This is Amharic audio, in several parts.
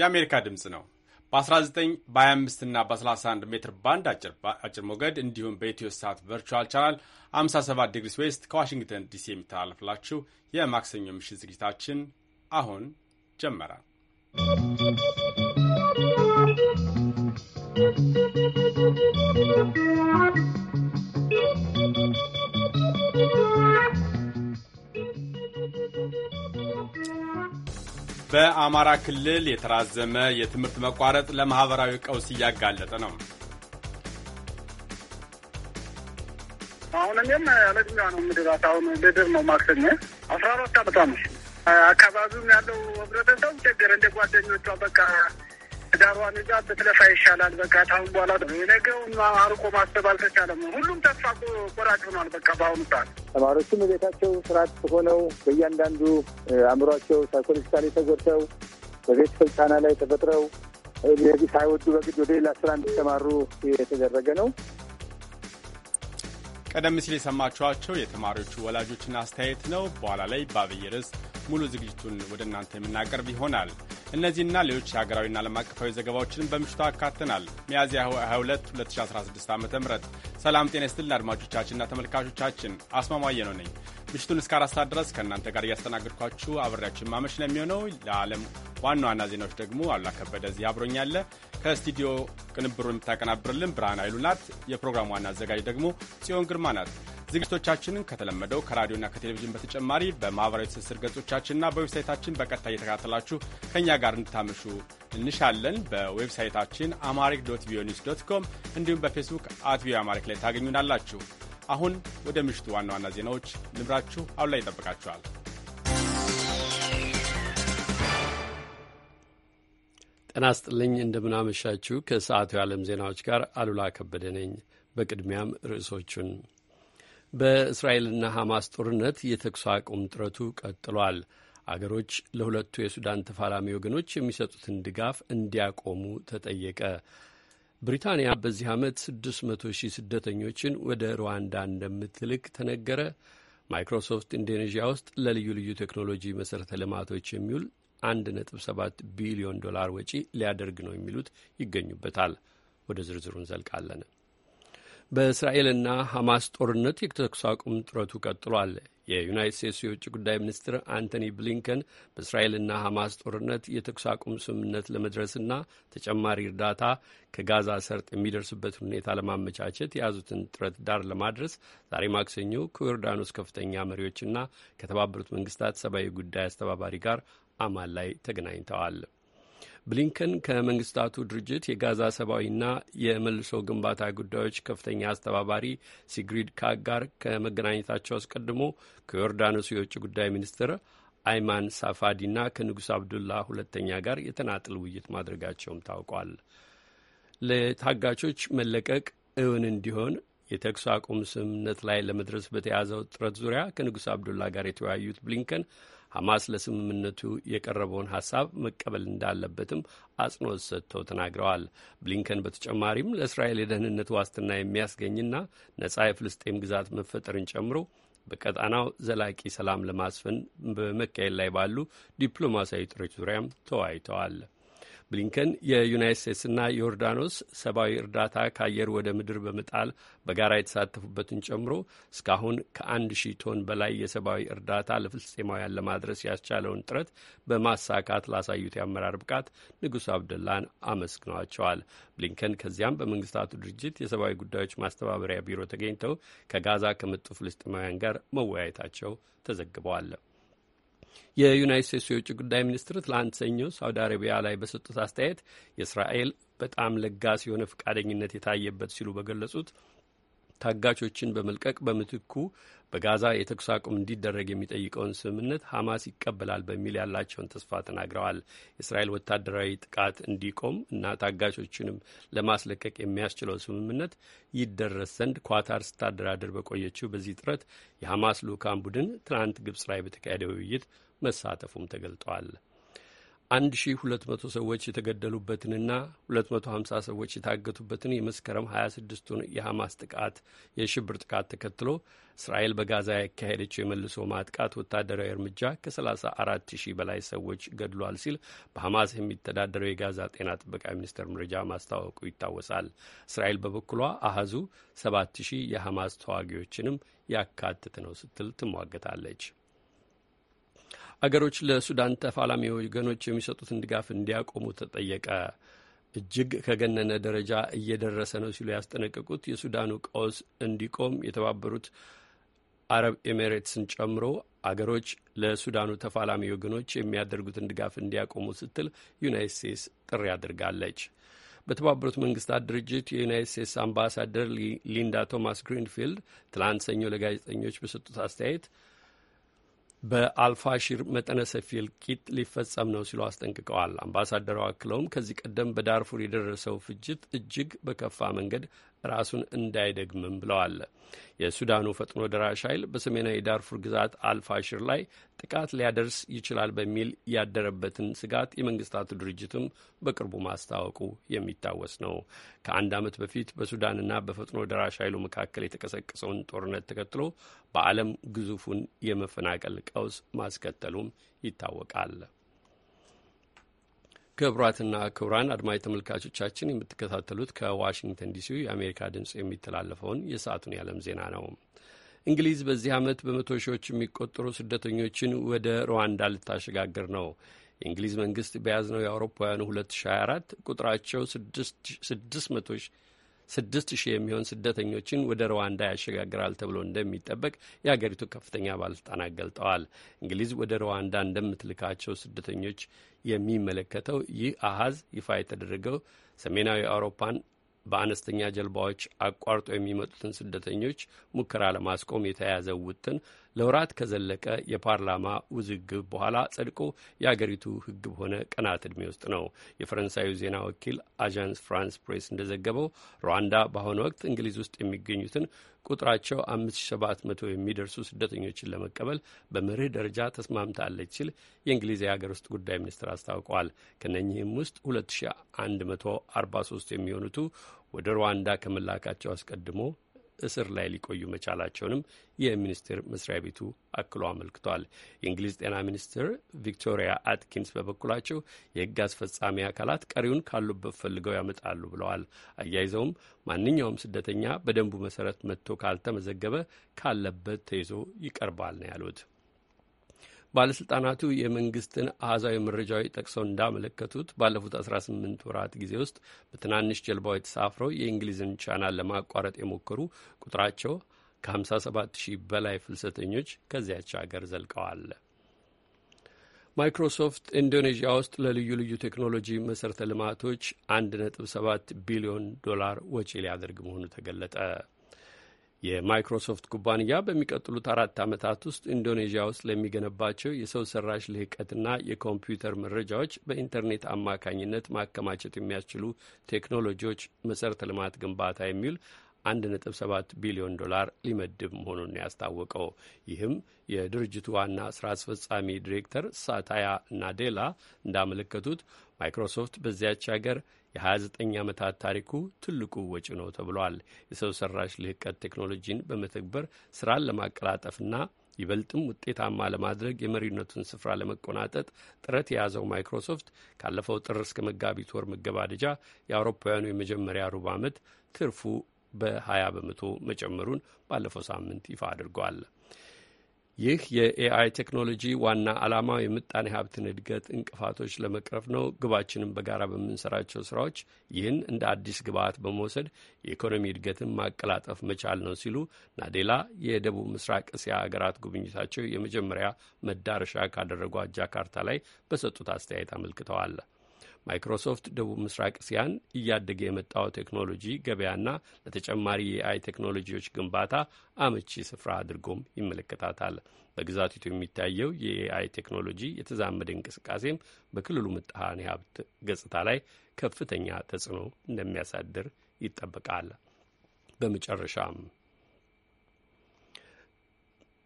የአሜሪካ ድምፅ ነው። በ19 በ25 እና በ31 ሜትር ባንድ አጭር ሞገድ እንዲሁም በኢትዮ ሳት ቨርቹዋል ቻናል 57 ዲግሪስ ዌስት ከዋሽንግተን ዲሲ የሚተላለፍላችሁ የማክሰኞ ምሽት ዝግጅታችን አሁን ጀመረ። ¶¶ በአማራ ክልል የተራዘመ የትምህርት መቋረጥ ለማኅበራዊ ቀውስ እያጋለጠ ነው። አሁን እኔም ያለግኛ ነው ምድራት አሁን ልድር ነው ማክሰኞ አስራ አራት አመት ነው። አካባቢውም ያለው ህብረተሰብ ቸገረ እንደ ጓደኞቿ በቃ ዳሯን ይዛ ብትለፋ ይሻላል። በቃ ታሁን በኋላ የነገውን አርቆ ማሰብ አልተቻለም። ሁሉም ተስፋ ቆራጭ ሆኗል። በቃ በአሁኑ ሰዓት ተማሪዎቹም ቤታቸው ስርዓት ሆነው በእያንዳንዱ አእምሯቸው ሳይኮሎጂካሊ ተጎድተው በቤተሰብ ጫና ላይ ተፈጥረው ሳይወዱ በግድ ወደ ሌላ ስራ እንዲሰማሩ የተደረገ ነው። ቀደም ሲል የሰማችኋቸው የተማሪዎቹ ወላጆችን አስተያየት ነው። በኋላ ላይ በአብይ ርዕስ ሙሉ ዝግጅቱን ወደ እናንተ የምናቀርብ ይሆናል። እነዚህና ሌሎች የሀገራዊና ዓለም አቀፋዊ ዘገባዎችንም በምሽቱ አካተናል። ሚያዝያ 22 2016 ዓ ም ሰላም ጤና ስትልን አድማጮቻችንና ተመልካቾቻችን አስማማየ ነው ነኝ። ምሽቱን እስከ አራት ሰዓት ድረስ ከእናንተ ጋር እያስተናገድኳችሁ አብሬያችን ማመሽ ነው የሚሆነው። ለዓለም ዋና ዋና ዜናዎች ደግሞ አሉላ ከበደ እዚህ አብሮኛለ። ከስቱዲዮ ቅንብሩ የምታቀናብርልን ብርሃን ኃይሉ ናት። የፕሮግራሙ ዋና አዘጋጅ ደግሞ ጽዮን ግርማ ናት። ዝግጅቶቻችንን ከተለመደው ከራዲዮና ከቴሌቪዥን በተጨማሪ በማኅበራዊ ትስስር ገጾቻችንና በዌብሳይታችን በቀጥታ እየተከታተላችሁ ከእኛ ጋር እንድታመሹ እንሻለን። በዌብሳይታችን አማሪክ ዶት ቪኦኤ ዶት ኮም እንዲሁም በፌስቡክ አት ቪኦኤ አማሪክ ላይ ታገኙናላችሁ። አሁን ወደ ምሽቱ ዋና ዋና ዜናዎች ንብራችሁ አሁን ላይ ይጠብቃችኋል። ጤና ይስጥልኝ እንደምናመሻችሁ። ከሰዓቱ የዓለም ዜናዎች ጋር አሉላ ከበደ ነኝ። በቅድሚያም ርዕሶቹን። በእስራኤልና ሐማስ ጦርነት የተኩስ አቁም ጥረቱ ቀጥሏል። አገሮች ለሁለቱ የሱዳን ተፋላሚ ወገኖች የሚሰጡትን ድጋፍ እንዲያቆሙ ተጠየቀ። ብሪታንያ በዚህ ዓመት 600 ሺህ ስደተኞችን ወደ ሩዋንዳ እንደምትልክ ተነገረ። ማይክሮሶፍት ኢንዶኔዥያ ውስጥ ለልዩ ልዩ ቴክኖሎጂ መሠረተ ልማቶች የሚውል 1.7 ቢሊዮን ዶላር ወጪ ሊያደርግ ነው የሚሉት ይገኙበታል። ወደ ዝርዝሩ እንዘልቃለን። በእስራኤልና ሐማስ ጦርነት የተኩስ አቁም ጥረቱ ቀጥሏል። የዩናይት ስቴትስ የውጭ ጉዳይ ሚኒስትር አንቶኒ ብሊንከን በእስራኤልና ሐማስ ጦርነት የተኩስ አቁም ስምምነት ለመድረስና ተጨማሪ እርዳታ ከጋዛ ሰርጥ የሚደርስበት ሁኔታ ለማመቻቸት የያዙትን ጥረት ዳር ለማድረስ ዛሬ ማክሰኞ ከዮርዳኖስ ከፍተኛ መሪዎችና ከተባበሩት መንግስታት ሰብአዊ ጉዳይ አስተባባሪ ጋር አማን ላይ ተገናኝተዋል። ብሊንከን ከመንግስታቱ ድርጅት የጋዛ ሰብአዊና የመልሶ ግንባታ ጉዳዮች ከፍተኛ አስተባባሪ ሲግሪድ ካግ ጋር ከመገናኘታቸው አስቀድሞ ከዮርዳኖስ የውጭ ጉዳይ ሚኒስትር አይማን ሳፋዲና ከንጉሥ አብዱላ ሁለተኛ ጋር የተናጥል ውይይት ማድረጋቸውም ታውቋል። ለታጋቾች መለቀቅ እውን እንዲሆን የተኩስ አቁም ስምምነት ላይ ለመድረስ በተያዘው ጥረት ዙሪያ ከንጉሥ አብዱላ ጋር የተወያዩት ብሊንከን ሐማስ ለስምምነቱ የቀረበውን ሀሳብ መቀበል እንዳለበትም አጽንኦት ሰጥተው ተናግረዋል። ብሊንከን በተጨማሪም ለእስራኤል የደህንነት ዋስትና የሚያስገኝና ነጻ የፍልስጤም ግዛት መፈጠርን ጨምሮ በቀጣናው ዘላቂ ሰላም ለማስፈን በመካሄድ ላይ ባሉ ዲፕሎማሲያዊ ጥረቶች ዙሪያም ተወያይተዋል። ብሊንከን የዩናይት ስቴትስና ዮርዳኖስ ሰብአዊ እርዳታ ከአየር ወደ ምድር በመጣል በጋራ የተሳተፉበትን ጨምሮ እስካሁን ከአንድ ሺህ ቶን በላይ የሰብአዊ እርዳታ ለፍልስጤማውያን ለማድረስ ያስቻለውን ጥረት በማሳካት ላሳዩት የአመራር ብቃት ንጉሥ አብደላን አመስግነዋቸዋል። ብሊንከን ከዚያም በመንግስታቱ ድርጅት የሰብአዊ ጉዳዮች ማስተባበሪያ ቢሮ ተገኝተው ከጋዛ ከመጡ ፍልስጤማውያን ጋር መወያየታቸው ተዘግበዋል። የዩናይት ስቴትስ የውጭ ጉዳይ ሚኒስትር ትላንት ሰኞ ሳውዲ አረቢያ ላይ በሰጡት አስተያየት የእስራኤል በጣም ለጋስ የሆነ ፈቃደኝነት የታየበት ሲሉ በገለጹት ታጋቾችን በመልቀቅ በምትኩ በጋዛ የተኩስ አቁም እንዲደረግ የሚጠይቀውን ስምምነት ሐማስ ይቀበላል በሚል ያላቸውን ተስፋ ተናግረዋል። የእስራኤል ወታደራዊ ጥቃት እንዲቆም እና ታጋቾችንም ለማስለቀቅ የሚያስችለው ስምምነት ይደረስ ዘንድ ኳታር ስታደራደር በቆየችው በዚህ ጥረት የሐማስ ልዑካን ቡድን ትናንት ግብጽ ላይ በተካሄደ ውይይት መሳተፉም ተገልጧል። 1200 ሰዎች የተገደሉበትንና 250 ሰዎች የታገቱበትን የመስከረም 26ቱን የሐማስ ጥቃት የሽብር ጥቃት ተከትሎ እስራኤል በጋዛ ያካሄደችው የመልሶ ማጥቃት ወታደራዊ እርምጃ ከ34 ሺህ በላይ ሰዎች ገድሏል ሲል በሐማስ የሚተዳደረው የጋዛ ጤና ጥበቃ ሚኒስቴር መረጃ ማስታወቁ ይታወሳል። እስራኤል በበኩሏ አሃዙ 7 ሺህ የሐማስ ተዋጊዎችንም ያካትት ነው ስትል ትሟገታለች። አገሮች ለሱዳን ተፋላሚ ወገኖች የሚሰጡትን ድጋፍ እንዲያቆሙ ተጠየቀ። እጅግ ከገነነ ደረጃ እየደረሰ ነው ሲሉ ያስጠነቀቁት የሱዳኑ ቀውስ እንዲቆም የተባበሩት አረብ ኤሜሬትስን ጨምሮ አገሮች ለሱዳኑ ተፋላሚ ወገኖች የሚያደርጉትን ድጋፍ እንዲያቆሙ ስትል ዩናይት ስቴትስ ጥሪ አድርጋለች። በተባበሩት መንግስታት ድርጅት የዩናይት ስቴትስ አምባሳደር ሊንዳ ቶማስ ግሪንፊልድ ትላንት ሰኞ ለጋዜጠኞች በሰጡት አስተያየት በአልፋሺር መጠነ ሰፊ እልቂት ሊፈጸም ነው ሲሉ አስጠንቅቀዋል። አምባሳደሩ አክለውም ከዚህ ቀደም በዳርፉር የደረሰው ፍጅት እጅግ በከፋ መንገድ ራሱን እንዳይደግምም ብለዋል። የሱዳኑ ፈጥኖ ደራሽ ኃይል በሰሜናዊ ዳርፉር ግዛት አልፋሽር ላይ ጥቃት ሊያደርስ ይችላል በሚል ያደረበትን ስጋት የመንግስታቱ ድርጅትም በቅርቡ ማስታወቁ የሚታወስ ነው። ከአንድ ዓመት በፊት በሱዳንና በፈጥኖ ደራሽ ኃይሉ መካከል የተቀሰቀሰውን ጦርነት ተከትሎ በዓለም ግዙፉን የመፈናቀል ቀውስ ማስከተሉም ይታወቃል። ክቡራትና ክቡራን አድማጭ ተመልካቾቻችን የምትከታተሉት ከዋሽንግተን ዲሲ የአሜሪካ ድምፅ የሚተላለፈውን የሰዓቱን የዓለም ዜና ነው። እንግሊዝ በዚህ ዓመት በመቶ ሺዎች የሚቆጠሩ ስደተኞችን ወደ ሩዋንዳ ልታሸጋግር ነው። የእንግሊዝ መንግስት በያዝነው የአውሮፓውያኑ 2024 ቁጥራቸው 6 ሺህ የሚሆን ስደተኞችን ወደ ሩዋንዳ ያሸጋግራል ተብሎ እንደሚጠበቅ የአገሪቱ ከፍተኛ ባለስልጣናት ገልጠዋል። እንግሊዝ ወደ ሩዋንዳ እንደምትልካቸው ስደተኞች የሚመለከተው ይህ አሃዝ ይፋ የተደረገው ሰሜናዊ አውሮፓን በአነስተኛ ጀልባዎች አቋርጦ የሚመጡትን ስደተኞች ሙከራ ለማስቆም የተያያዘው ውጥን ለወራት ከዘለቀ የፓርላማ ውዝግብ በኋላ ጸድቆ የአገሪቱ ሕግ በሆነ ቀናት ዕድሜ ውስጥ ነው። የፈረንሳዩ ዜና ወኪል አዣንስ ፍራንስ ፕሬስ እንደዘገበው ሩዋንዳ በአሁኑ ወቅት እንግሊዝ ውስጥ የሚገኙትን ቁጥራቸው 5700 የሚደርሱ ስደተኞችን ለመቀበል በመርህ ደረጃ ተስማምታለች ሲል የእንግሊዝ የሀገር ውስጥ ጉዳይ ሚኒስትር አስታውቀዋል። ከነኚህም ውስጥ 2143 የሚሆኑቱ ወደ ሩዋንዳ ከመላካቸው አስቀድሞ እስር ላይ ሊቆዩ መቻላቸውንም የሚኒስቴር መስሪያ ቤቱ አክሎ አመልክቷል። የእንግሊዝ ጤና ሚኒስትር ቪክቶሪያ አትኪንስ በበኩላቸው የህግ አስፈጻሚ አካላት ቀሪውን ካሉበት ፈልገው ያመጣሉ ብለዋል። አያይዘውም ማንኛውም ስደተኛ በደንቡ መሰረት መጥቶ ካልተመዘገበ ካለበት ተይዞ ይቀርባል ነው ያሉት። ባለሥልጣናቱ የመንግስትን አሃዛዊ መረጃዎች ጠቅሰው እንዳመለከቱት ባለፉት 18 ወራት ጊዜ ውስጥ በትናንሽ ጀልባዎች ተሳፍረው የእንግሊዝን ቻናል ለማቋረጥ የሞከሩ ቁጥራቸው ከ57 ሺህ በላይ ፍልሰተኞች ከዚያች ሀገር ዘልቀዋል። ማይክሮሶፍት ኢንዶኔዥያ ውስጥ ለልዩ ልዩ ቴክኖሎጂ መሠረተ ልማቶች 1.7 ቢሊዮን ዶላር ወጪ ሊያደርግ መሆኑ ተገለጠ። የማይክሮሶፍት ኩባንያ በሚቀጥሉት አራት ዓመታት ውስጥ ኢንዶኔዥያ ውስጥ ለሚገነባቸው የሰው ሰራሽ ልህቀትና የኮምፒውተር መረጃዎች በኢንተርኔት አማካኝነት ማከማቸት የሚያስችሉ ቴክኖሎጂዎች መሠረተ ልማት ግንባታ የሚውል 1.7 ቢሊዮን ዶላር ሊመድብ መሆኑን ያስታወቀው ይህም የድርጅቱ ዋና ስራ አስፈጻሚ ዲሬክተር ሳታያ ናዴላ እንዳመለከቱት ማይክሮሶፍት በዚያች ሀገር የ29 ዓመታት ታሪኩ ትልቁ ወጪ ነው ተብሏል። የሰው ሰራሽ ልህቀት ቴክኖሎጂን በመተግበር ስራን ለማቀላጠፍና ይበልጥም ውጤታማ ለማድረግ የመሪነቱን ስፍራ ለመቆናጠጥ ጥረት የያዘው ማይክሮሶፍት ካለፈው ጥር እስከ መጋቢት ወር መገባደጃ የአውሮፓውያኑ የመጀመሪያ ሩብ ዓመት ትርፉ በ20 በመቶ መጨመሩን ባለፈው ሳምንት ይፋ አድርጓል። ይህ የኤአይ ቴክኖሎጂ ዋና ዓላማው የምጣኔ ሀብትን እድገት እንቅፋቶች ለመቅረፍ ነው። ግባችንም በጋራ በምንሰራቸው ስራዎች ይህን እንደ አዲስ ግብዓት በመውሰድ የኢኮኖሚ እድገትን ማቀላጠፍ መቻል ነው ሲሉ ናዴላ የደቡብ ምስራቅ እስያ አገራት ጉብኝታቸው የመጀመሪያ መዳረሻ ካደረጓት ጃካርታ ላይ በሰጡት አስተያየት አመልክተዋል። ማይክሮሶፍት ደቡብ ምስራቅ እስያን እያደገ የመጣው ቴክኖሎጂ ገበያና ለተጨማሪ የአይ ቴክኖሎጂዎች ግንባታ አመቺ ስፍራ አድርጎም ይመለከታታል። በግዛቲቱ የሚታየው የኤአይ ቴክኖሎጂ የተዛመደ እንቅስቃሴም በክልሉ ምጣኔ ሀብት ገጽታ ላይ ከፍተኛ ተጽዕኖ እንደሚያሳድር ይጠበቃል። በመጨረሻም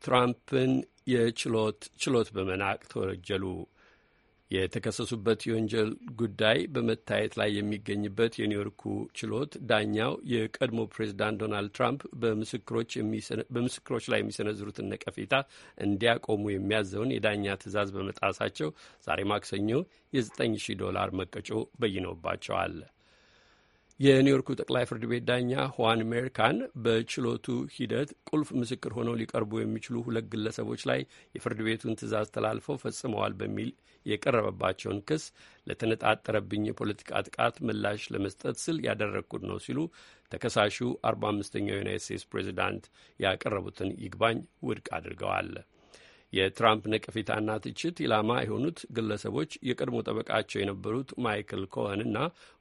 ትራምፕን የችሎት ችሎት በመናቅ ተወነጀሉ። የተከሰሱበት የወንጀል ጉዳይ በመታየት ላይ የሚገኝበት የኒውዮርኩ ችሎት ዳኛው የቀድሞ ፕሬዚዳንት ዶናልድ ትራምፕ በምስክሮች ላይ የሚሰነዝሩትን ነቀፌታ እንዲያቆሙ የሚያዘውን የዳኛ ትዕዛዝ በመጣሳቸው ዛሬ ማክሰኞ የ9 ሺህ ዶላር መቀጮ በይነውባቸዋል። የኒውዮርኩ ጠቅላይ ፍርድ ቤት ዳኛ ሁዋን ሜርካን በችሎቱ ሂደት ቁልፍ ምስክር ሆነው ሊቀርቡ የሚችሉ ሁለት ግለሰቦች ላይ የፍርድ ቤቱን ትዕዛዝ ተላልፈው ፈጽመዋል በሚል የቀረበባቸውን ክስ ለተነጣጠረብኝ የፖለቲካ ጥቃት ምላሽ ለመስጠት ስል ያደረግኩት ነው ሲሉ ተከሳሹ አርባ አምስተኛው የዩናይት ስቴትስ ፕሬዚዳንት ያቀረቡትን ይግባኝ ውድቅ አድርገዋል። የትራምፕ ነቀፌታና ትችት ኢላማ የሆኑት ግለሰቦች የቀድሞ ጠበቃቸው የነበሩት ማይክል ኮኸን እና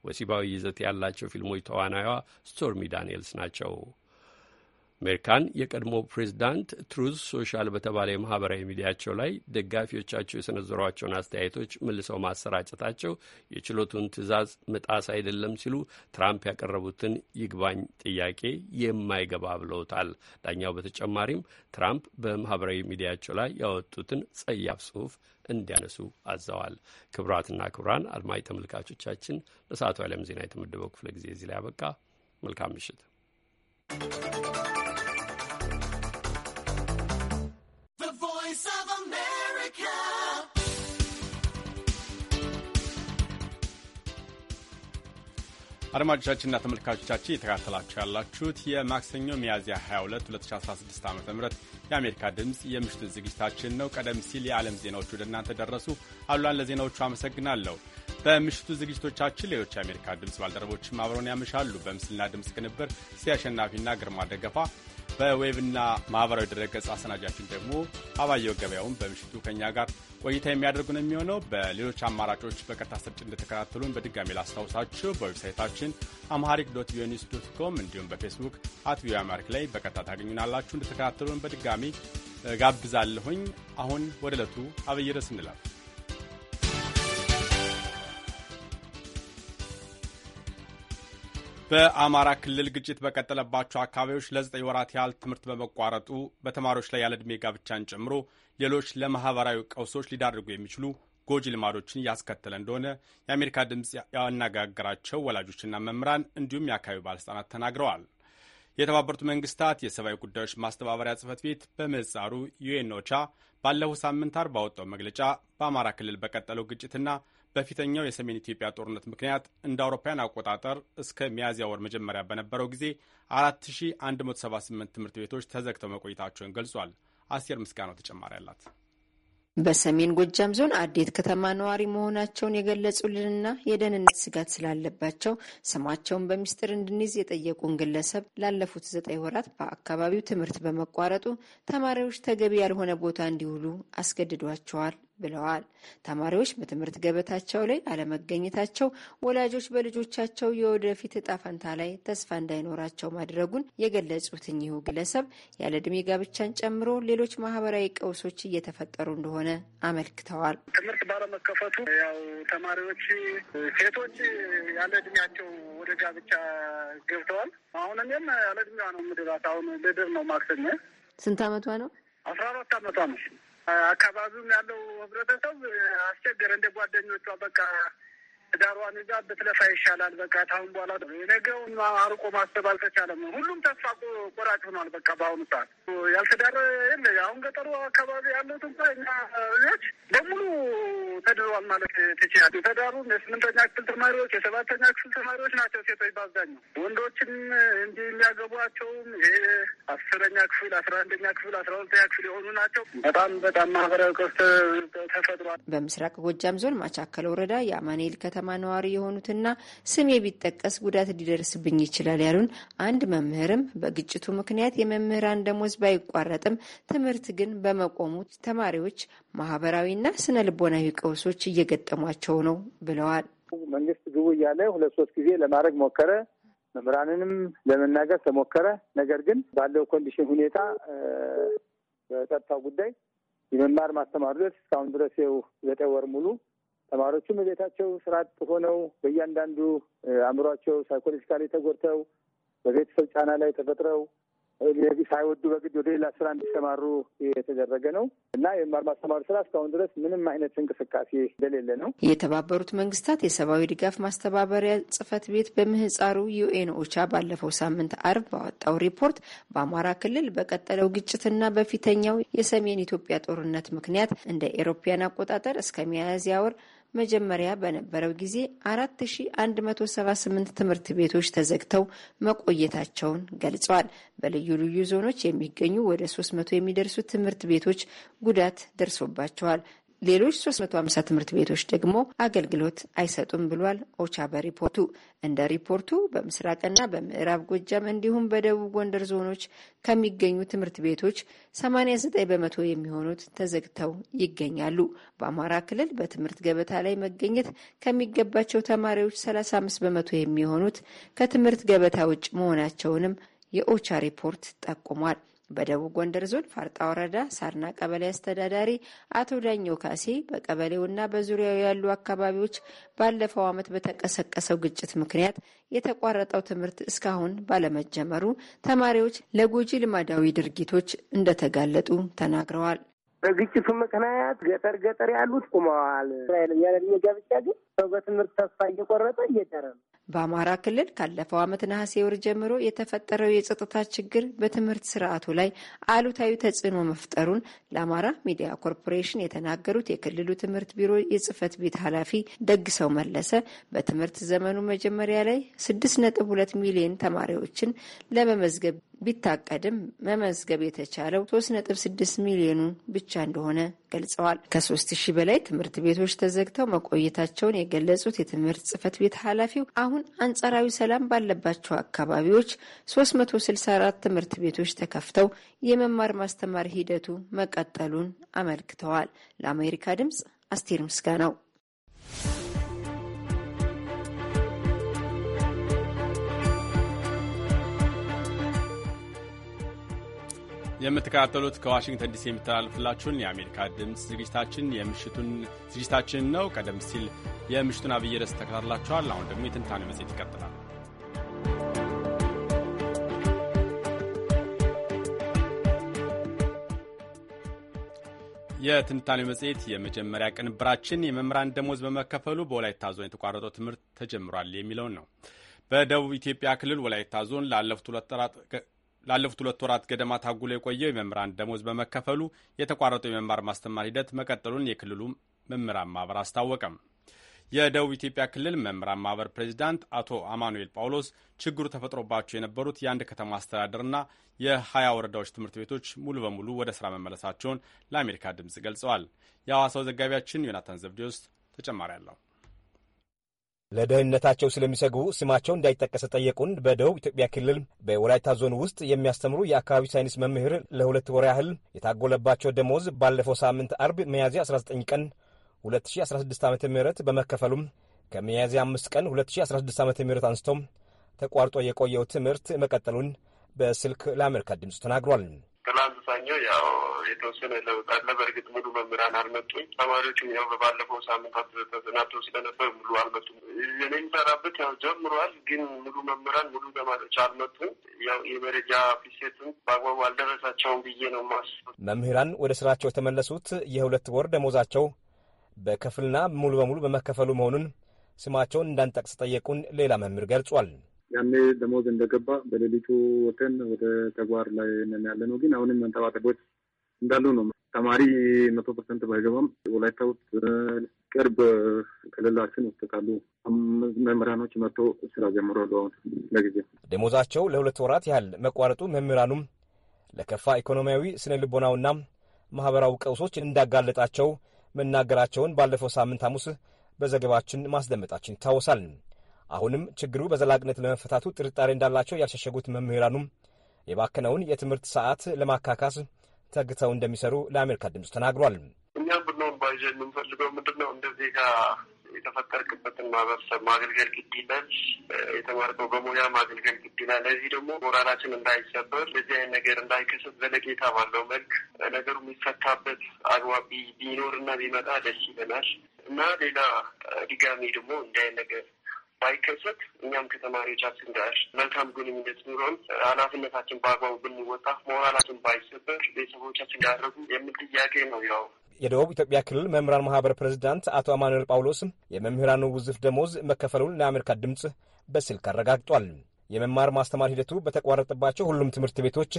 ወሲባዊ ይዘት ያላቸው ፊልሞች ተዋናዩዋ ስቶርሚ ዳንኤልስ ናቸው። አሜሪካን የቀድሞ ፕሬዚዳንት ትሩዝ ሶሻል በተባለ የማህበራዊ ሚዲያቸው ላይ ደጋፊዎቻቸው የሰነዘሯቸውን አስተያየቶች መልሰው ማሰራጨታቸው የችሎቱን ትዕዛዝ መጣስ አይደለም ሲሉ ትራምፕ ያቀረቡትን ይግባኝ ጥያቄ የማይገባ ብለውታል። ዳኛው በተጨማሪም ትራምፕ በማህበራዊ ሚዲያቸው ላይ ያወጡትን ጸያፍ ጽሁፍ እንዲያነሱ አዘዋል። ክቡራትና ክቡራን አድማጭ ተመልካቾቻችን ለሰዓቱ የዓለም ዜና የተመደበው ክፍለ ጊዜ እዚህ ላይ ያበቃ። መልካም ምሽት። አድማጮቻችንና ተመልካቾቻችን የተካተላችሁ ያላችሁት የማክሰኞ ሚያዝያ 22 2016 ዓ ም የአሜሪካ ድምፅ የምሽቱ ዝግጅታችን ነው። ቀደም ሲል የዓለም ዜናዎቹ ወደ እናንተ ደረሱ። አሉላን ለዜናዎቹ አመሰግናለሁ። በምሽቱ ዝግጅቶቻችን ሌሎች የአሜሪካ ድምፅ ባልደረቦችም አብረውን ያመሻሉ። በምስልና ድምፅ ቅንብር ሲያሸናፊና ግርማ ደገፋ በዌብና ማኅበራዊ ድረገጽ አሰናጃችን ደግሞ አባየው ገበያውን በምሽቱ ከእኛ ጋር ቆይታ የሚያደርጉ ነው የሚሆነው። በሌሎች አማራጮች በቀጥታ ስርጭት እንደተከታተሉን በድጋሚ ላስታውሳችሁ። በዌብሳይታችን አምሃሪክ ዶት ቪኦኤ ዶት ኮም እንዲሁም በፌስቡክ አት ቪኦኤ አማሪክ ላይ በቀጥታ ታገኙናላችሁ። እንደተከታተሉን በድጋሚ ጋብዛለሁኝ። አሁን ወደ ዕለቱ አብይ ርዕስ እንላል። በአማራ ክልል ግጭት በቀጠለባቸው አካባቢዎች ለዘጠኝ ወራት ያህል ትምህርት በመቋረጡ በተማሪዎች ላይ ያለ ጋብቻን ጨምሮ ሌሎች ለማህበራዊ ቀውሶች ሊዳርጉ የሚችሉ ጎጂ ልማዶችን እያስከተለ እንደሆነ የአሜሪካ ድምፅ ያነጋገራቸው ወላጆችና መምህራን እንዲሁም የአካባቢው ባለስልጣናት ተናግረዋል። የተባበሩት መንግስታት የሰብአዊ ጉዳዮች ማስተባበሪያ ጽህፈት ቤት በምህጻሩ ዩኤን ኦቻ ባለፈው ሳምንት አርብ ባወጣው መግለጫ በአማራ ክልል በቀጠለው ግጭትና በፊተኛው የሰሜን ኢትዮጵያ ጦርነት ምክንያት እንደ አውሮፓውያን አቆጣጠር እስከ ሚያዝያ ወር መጀመሪያ በነበረው ጊዜ 4178 ትምህርት ቤቶች ተዘግተው መቆየታቸውን ገልጿል። አስቴር ምስጋናው ተጨማሪ አላት። በሰሜን ጎጃም ዞን አዴት ከተማ ነዋሪ መሆናቸውን የገለጹልንና የደህንነት ስጋት ስላለባቸው ስማቸውን በሚስጥር እንድንይዝ የጠየቁን ግለሰብ ላለፉት ዘጠኝ ወራት በአካባቢው ትምህርት በመቋረጡ ተማሪዎች ተገቢ ያልሆነ ቦታ እንዲውሉ አስገድዷቸዋል ብለዋል። ተማሪዎች በትምህርት ገበታቸው ላይ አለመገኘታቸው ወላጆች በልጆቻቸው የወደፊት እጣ ፈንታ ላይ ተስፋ እንዳይኖራቸው ማድረጉን የገለጹት እኚሁ ግለሰብ ያለ ጋብቻን ጨምሮ ሌሎች ማህበራዊ ቀውሶች እየተፈጠሩ እንደሆነ አመልክተዋል። ትምህርት ባለመከፈቱ ያው ተማሪዎች ሴቶች ያለ እድሜያቸው ወደ ጋብቻ ገብተዋል። አሁን እኔም ያለ እድሜዋ ነው ምድራት አሁን ልድር ነው ማክሰኞ። ስንት አመቷ ነው? አስራ አራት አመቷ ነው። አካባቢውም ያለው ህብረተሰብ አስቸገረ። እንደ ጓደኞቿ በቃ ዳሯን እዛ ብትለፋ ይሻላል። በቃ ታሁን በኋላ የነገውን አርቆ ማሰብ አልተቻለም። ሁሉም ተስፋ ቆራጭ ሆኗል። በቃ በአሁኑ ሰዓት ያልተዳረ የለ። አሁን ገጠሩ አካባቢ ያሉት እንኳ እኛ ልጆች በሙሉ ተድረዋል ማለት ትችያለሽ። የተዳሩ የስምንተኛ ክፍል ተማሪዎች፣ የሰባተኛ ክፍል ተማሪዎች ናቸው ሴቶች በአብዛኛው። ወንዶችም እንዲህ የሚያገቧቸውም ይሄ አስረኛ ክፍል፣ አስራ አንደኛ ክፍል፣ አስራ ሁለተኛ ክፍል የሆኑ ናቸው። በጣም በጣም ማህበራዊ ቀውስ ተፈጥሯል። በምስራቅ ጎጃም ዞን ማቻከል ወረዳ የአማኔል ከተማ ከተማ ነዋሪ የሆኑትና ስሜ ቢጠቀስ ጉዳት ሊደርስብኝ ይችላል ያሉን አንድ መምህርም በግጭቱ ምክንያት የመምህራን ደሞዝ ባይቋረጥም ትምህርት ግን በመቆሙ ተማሪዎች ማህበራዊና ስነ ልቦናዊ ቀውሶች እየገጠሟቸው ነው ብለዋል። መንግስት ግቡ እያለ ሁለት ሶስት ጊዜ ለማድረግ ሞከረ። መምህራንንም ለመናገር ተሞከረ። ነገር ግን ባለው ኮንዲሽን ሁኔታ በጸጥታው ጉዳይ የመማር ማስተማር ድረስ እስካሁን ድረስ ው ዘጠኝ ወር ሙሉ ተማሪዎቹም በቤታቸው ስራ አጥ ሆነው በእያንዳንዱ አእምሯቸው ሳይኮሎጂካሊ ተጎድተው በቤተሰብ ጫና ላይ ተፈጥረው ሳይወዱ በግድ ወደ ሌላ ስራ እንዲሰማሩ የተደረገ ነው እና የመማር ማስተማሩ ስራ እስካሁን ድረስ ምንም አይነት እንቅስቃሴ እንደሌለ ነው። የተባበሩት መንግስታት የሰብአዊ ድጋፍ ማስተባበሪያ ጽህፈት ቤት በምህፃሩ ዩኤን ኦቻ ባለፈው ሳምንት አርብ ባወጣው ሪፖርት በአማራ ክልል በቀጠለው ግጭትና በፊተኛው የሰሜን ኢትዮጵያ ጦርነት ምክንያት እንደ ኤሮፓያን አቆጣጠር እስከ ሚያዝያ ወር መጀመሪያ በነበረው ጊዜ 4178 ትምህርት ቤቶች ተዘግተው መቆየታቸውን ገልጸዋል። በልዩ ልዩ ዞኖች የሚገኙ ወደ 300 የሚደርሱ ትምህርት ቤቶች ጉዳት ደርሶባቸዋል። ሌሎች 350 ትምህርት ቤቶች ደግሞ አገልግሎት አይሰጡም ብሏል ኦቻ በሪፖርቱ። እንደ ሪፖርቱ በምስራቅና በምዕራብ ጎጃም እንዲሁም በደቡብ ጎንደር ዞኖች ከሚገኙ ትምህርት ቤቶች 89 በመቶ የሚሆኑት ተዘግተው ይገኛሉ። በአማራ ክልል በትምህርት ገበታ ላይ መገኘት ከሚገባቸው ተማሪዎች 35 በመቶ የሚሆኑት ከትምህርት ገበታ ውጭ መሆናቸውንም የኦቻ ሪፖርት ጠቁሟል። በደቡብ ጎንደር ዞን ፋርጣ ወረዳ ሳርና ቀበሌ አስተዳዳሪ አቶ ዳኘው ካሴ በቀበሌውና በዙሪያው ያሉ አካባቢዎች ባለፈው ዓመት በተቀሰቀሰው ግጭት ምክንያት የተቋረጠው ትምህርት እስካሁን ባለመጀመሩ ተማሪዎች ለጎጂ ልማዳዊ ድርጊቶች እንደተጋለጡ ተናግረዋል። በግጭቱ ምክንያት ገጠር ገጠር ያሉት ቁመዋል። ያለ ጋብቻ ግን ሰው በትምህርት ተስፋ እየቆረጠ እየደረ ነው በአማራ ክልል ካለፈው ዓመት ነሐሴ ወር ጀምሮ የተፈጠረው የጸጥታ ችግር በትምህርት ስርዓቱ ላይ አሉታዊ ተጽዕኖ መፍጠሩን ለአማራ ሚዲያ ኮርፖሬሽን የተናገሩት የክልሉ ትምህርት ቢሮ የጽህፈት ቤት ኃላፊ ደግሰው መለሰ በትምህርት ዘመኑ መጀመሪያ ላይ 6.2 ሚሊዮን ተማሪዎችን ለመመዝገብ ቢታቀድም መመዝገብ የተቻለው 3.6 ሚሊዮኑን ብቻ እንደሆነ ገልጸዋል። ከ3000 በላይ ትምህርት ቤቶች ተዘግተው መቆየታቸውን የገለጹት የትምህርት ጽህፈት ቤት ኃላፊው አሁን አንጻራዊ ሰላም ባለባቸው አካባቢዎች 364 ትምህርት ቤቶች ተከፍተው የመማር ማስተማር ሂደቱ መቀጠሉን አመልክተዋል። ለአሜሪካ ድምጽ አስቴር ምስጋ ነው። የምትከታተሉት ከዋሽንግተን ዲሲ የሚተላለፍላችሁን የአሜሪካ ድምፅ ዝግጅታችን የምሽቱን ዝግጅታችን ነው። ቀደም ሲል የምሽቱን አብይ ርዕስ ተከታትላችኋል። አሁን ደግሞ የትንታኔ መጽሔት ይቀጥላል። የትንታኔ መጽሔት የመጀመሪያ ቅንብራችን የመምህራን ደሞዝ በመከፈሉ በወላይታ ዞን የተቋረጠው ትምህርት ተጀምሯል የሚለውን ነው። በደቡብ ኢትዮጵያ ክልል ወላይታ ዞን ላለፉት ላለፉት ሁለት ወራት ገደማ ታጉሎ የቆየው የመምህራን ደሞዝ በመከፈሉ የተቋረጠው የመማር ማስተማር ሂደት መቀጠሉን የክልሉ መምህራን ማህበር አስታወቀም። የደቡብ ኢትዮጵያ ክልል መምህራን ማህበር ፕሬዚዳንት አቶ አማኑኤል ጳውሎስ ችግሩ ተፈጥሮባቸው የነበሩት የአንድ ከተማ አስተዳደርና የሀያ ወረዳዎች ትምህርት ቤቶች ሙሉ በሙሉ ወደ ስራ መመለሳቸውን ለአሜሪካ ድምፅ ገልጸዋል። የሐዋሳው ዘጋቢያችን ዮናታን ውስጥ ተጨማሪ አለው። ለደህንነታቸው ስለሚሰጉ ስማቸው እንዳይጠቀስ ጠየቁን። በደቡብ ኢትዮጵያ ክልል በወላይታ ዞን ውስጥ የሚያስተምሩ የአካባቢ ሳይንስ መምህር ለሁለት ወር ያህል የታጎለባቸው ደሞዝ ባለፈው ሳምንት አርብ ሚያዝያ 19 ቀን 2016 ዓ ም በመከፈሉም ከሚያዝያ 5 ቀን 2016 ዓ ም አንስቶም ተቋርጦ የቆየው ትምህርት መቀጠሉን በስልክ ለአሜሪካ ድምፅ ተናግሯል። ትናንት ያው የተወሰነ ለውጥ አለ። በእርግጥ ሙሉ መምህራን አልመጡም። ተማሪዎችም ያው በባለፈው ሳምንታት ተዝናቶ ስለነበር ሙሉ አልመጡም። የሚሰራበት ያው ጀምሯል፣ ግን ሙሉ መምህራን ሙሉ ተማሪዎች አልመጡም። ያው የመረጃ ፊሴትም በአግባቡ አልደረሳቸውም ብዬ ነው ማስ መምህራን ወደ ስራቸው የተመለሱት የሁለት ወር ደሞዛቸው በከፍልና ሙሉ በሙሉ በመከፈሉ መሆኑን ስማቸውን እንዳንጠቅስ ጠየቁን ሌላ መምህር ገልጿል። ያኔ ደሞዝ እንደገባ በሌሊቱ ወተን ወደ ተግባር ላይ ነን ያለ ነው። ግን አሁንም መንጠባጠቦች እንዳሉ ነው። ተማሪ መቶ ፐርሰንት ባይገባም ወላይታ ውስጥ ቅርብ ክልላችን ውስጥ ካሉ መምህራኖች መጥቶ ስራ ጀምሯል። አሁን ለጊዜ ደሞዛቸው ለሁለት ወራት ያህል መቋረጡ መምህራኑም ለከፋ ኢኮኖሚያዊ ስነ ልቦናውና ማህበራዊ ቀውሶች እንዳጋለጣቸው መናገራቸውን ባለፈው ሳምንት ሐሙስ በዘገባችን ማስደመጣችን ይታወሳል። አሁንም ችግሩ በዘላቂነት ለመፈታቱ ጥርጣሬ እንዳላቸው ያልሸሸጉት መምህራኑም የባከነውን የትምህርት ሰዓት ለማካካስ ተግተው እንደሚሰሩ ለአሜሪካ ድምፅ ተናግሯል። እኛም ብንሆን ባይዘ የምንፈልገው ምንድን ነው እንደዚህ ጋር የተፈጠርክበትን ማህበረሰብ ማገልገል ግድ ይላል። የተማርከው በሙያ ማገልገል ግድ ይላል። ለዚህ ደግሞ ሞራላችን እንዳይሰበር፣ ለዚህ አይነት ነገር እንዳይከሰት ዘለቄታ ባለው መልክ ነገሩ የሚፈታበት አግባብ ቢኖርና ቢመጣ ደስ ይለናል እና ሌላ ድጋሜ ደግሞ እንዲህ ነገር ባይከሰት እኛም ከተማሪዎቻችን ጋር መልካም ግንኙነት ኑሮን ኃላፊነታችን በአግባቡ ብንወጣ ሞራላችን ባይሰበር ቤተሰቦቻችን ያደረጉ የሚል ጥያቄ ነው። ያው የደቡብ ኢትዮጵያ ክልል መምህራን ማህበር ፕሬዚዳንት አቶ አማኑኤል ጳውሎስ የመምህራኑ ውዝፍ ደሞዝ መከፈሉን ለአሜሪካ ድምፅ በስልክ አረጋግጧል። የመማር ማስተማር ሂደቱ በተቋረጠባቸው ሁሉም ትምህርት ቤቶች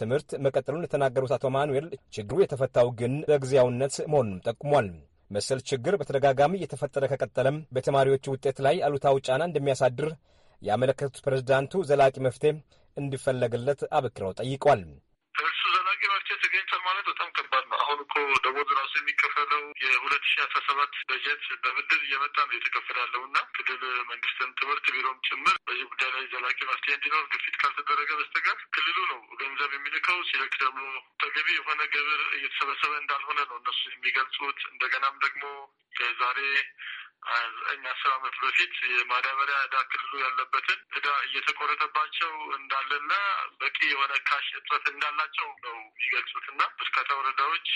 ትምህርት መቀጠሉን የተናገሩት አቶ አማኑኤል ችግሩ የተፈታው ግን በጊዜያዊነት መሆኑንም ጠቁሟል። መሰል ችግር በተደጋጋሚ እየተፈጠረ ከቀጠለም በተማሪዎቹ ውጤት ላይ አሉታዊ ጫና እንደሚያሳድር ያመለከቱት ፕሬዝዳንቱ ዘላቂ መፍትሄ እንዲፈለግለት አበክረው ጠይቋል። እሱ ዘላቂ መፍትሄ ተገኝቷል ማለት በጣም ከባድ አሁን እኮ ደሞዝ ራሱ የሚከፈለው የሁለት ሺ አስራ ሰባት በጀት በብድር እየመጣ ነው እየተከፈለ ያለው እና ክልል መንግስትን ትምህርት ቢሮም ጭምር በዚህ ጉዳይ ላይ ዘላቂ መፍትሄ እንዲኖር ግፊት ካልተደረገ በስተቀር ክልሉ ነው ገንዘብ የሚልከው። ሲልክ ደግሞ ተገቢ የሆነ ግብር እየተሰበሰበ እንዳልሆነ ነው እነሱ የሚገልጹት። እንደገናም ደግሞ ከዛሬ እኛ አስር አመት በፊት የማዳበሪያ እዳ ክልሉ ያለበትን እዳ እየተቆረጠባቸው እንዳለና በቂ የሆነ ካሽ እጥረት እንዳላቸው ነው የሚገልጹት እና በርካታ ወረዳዎች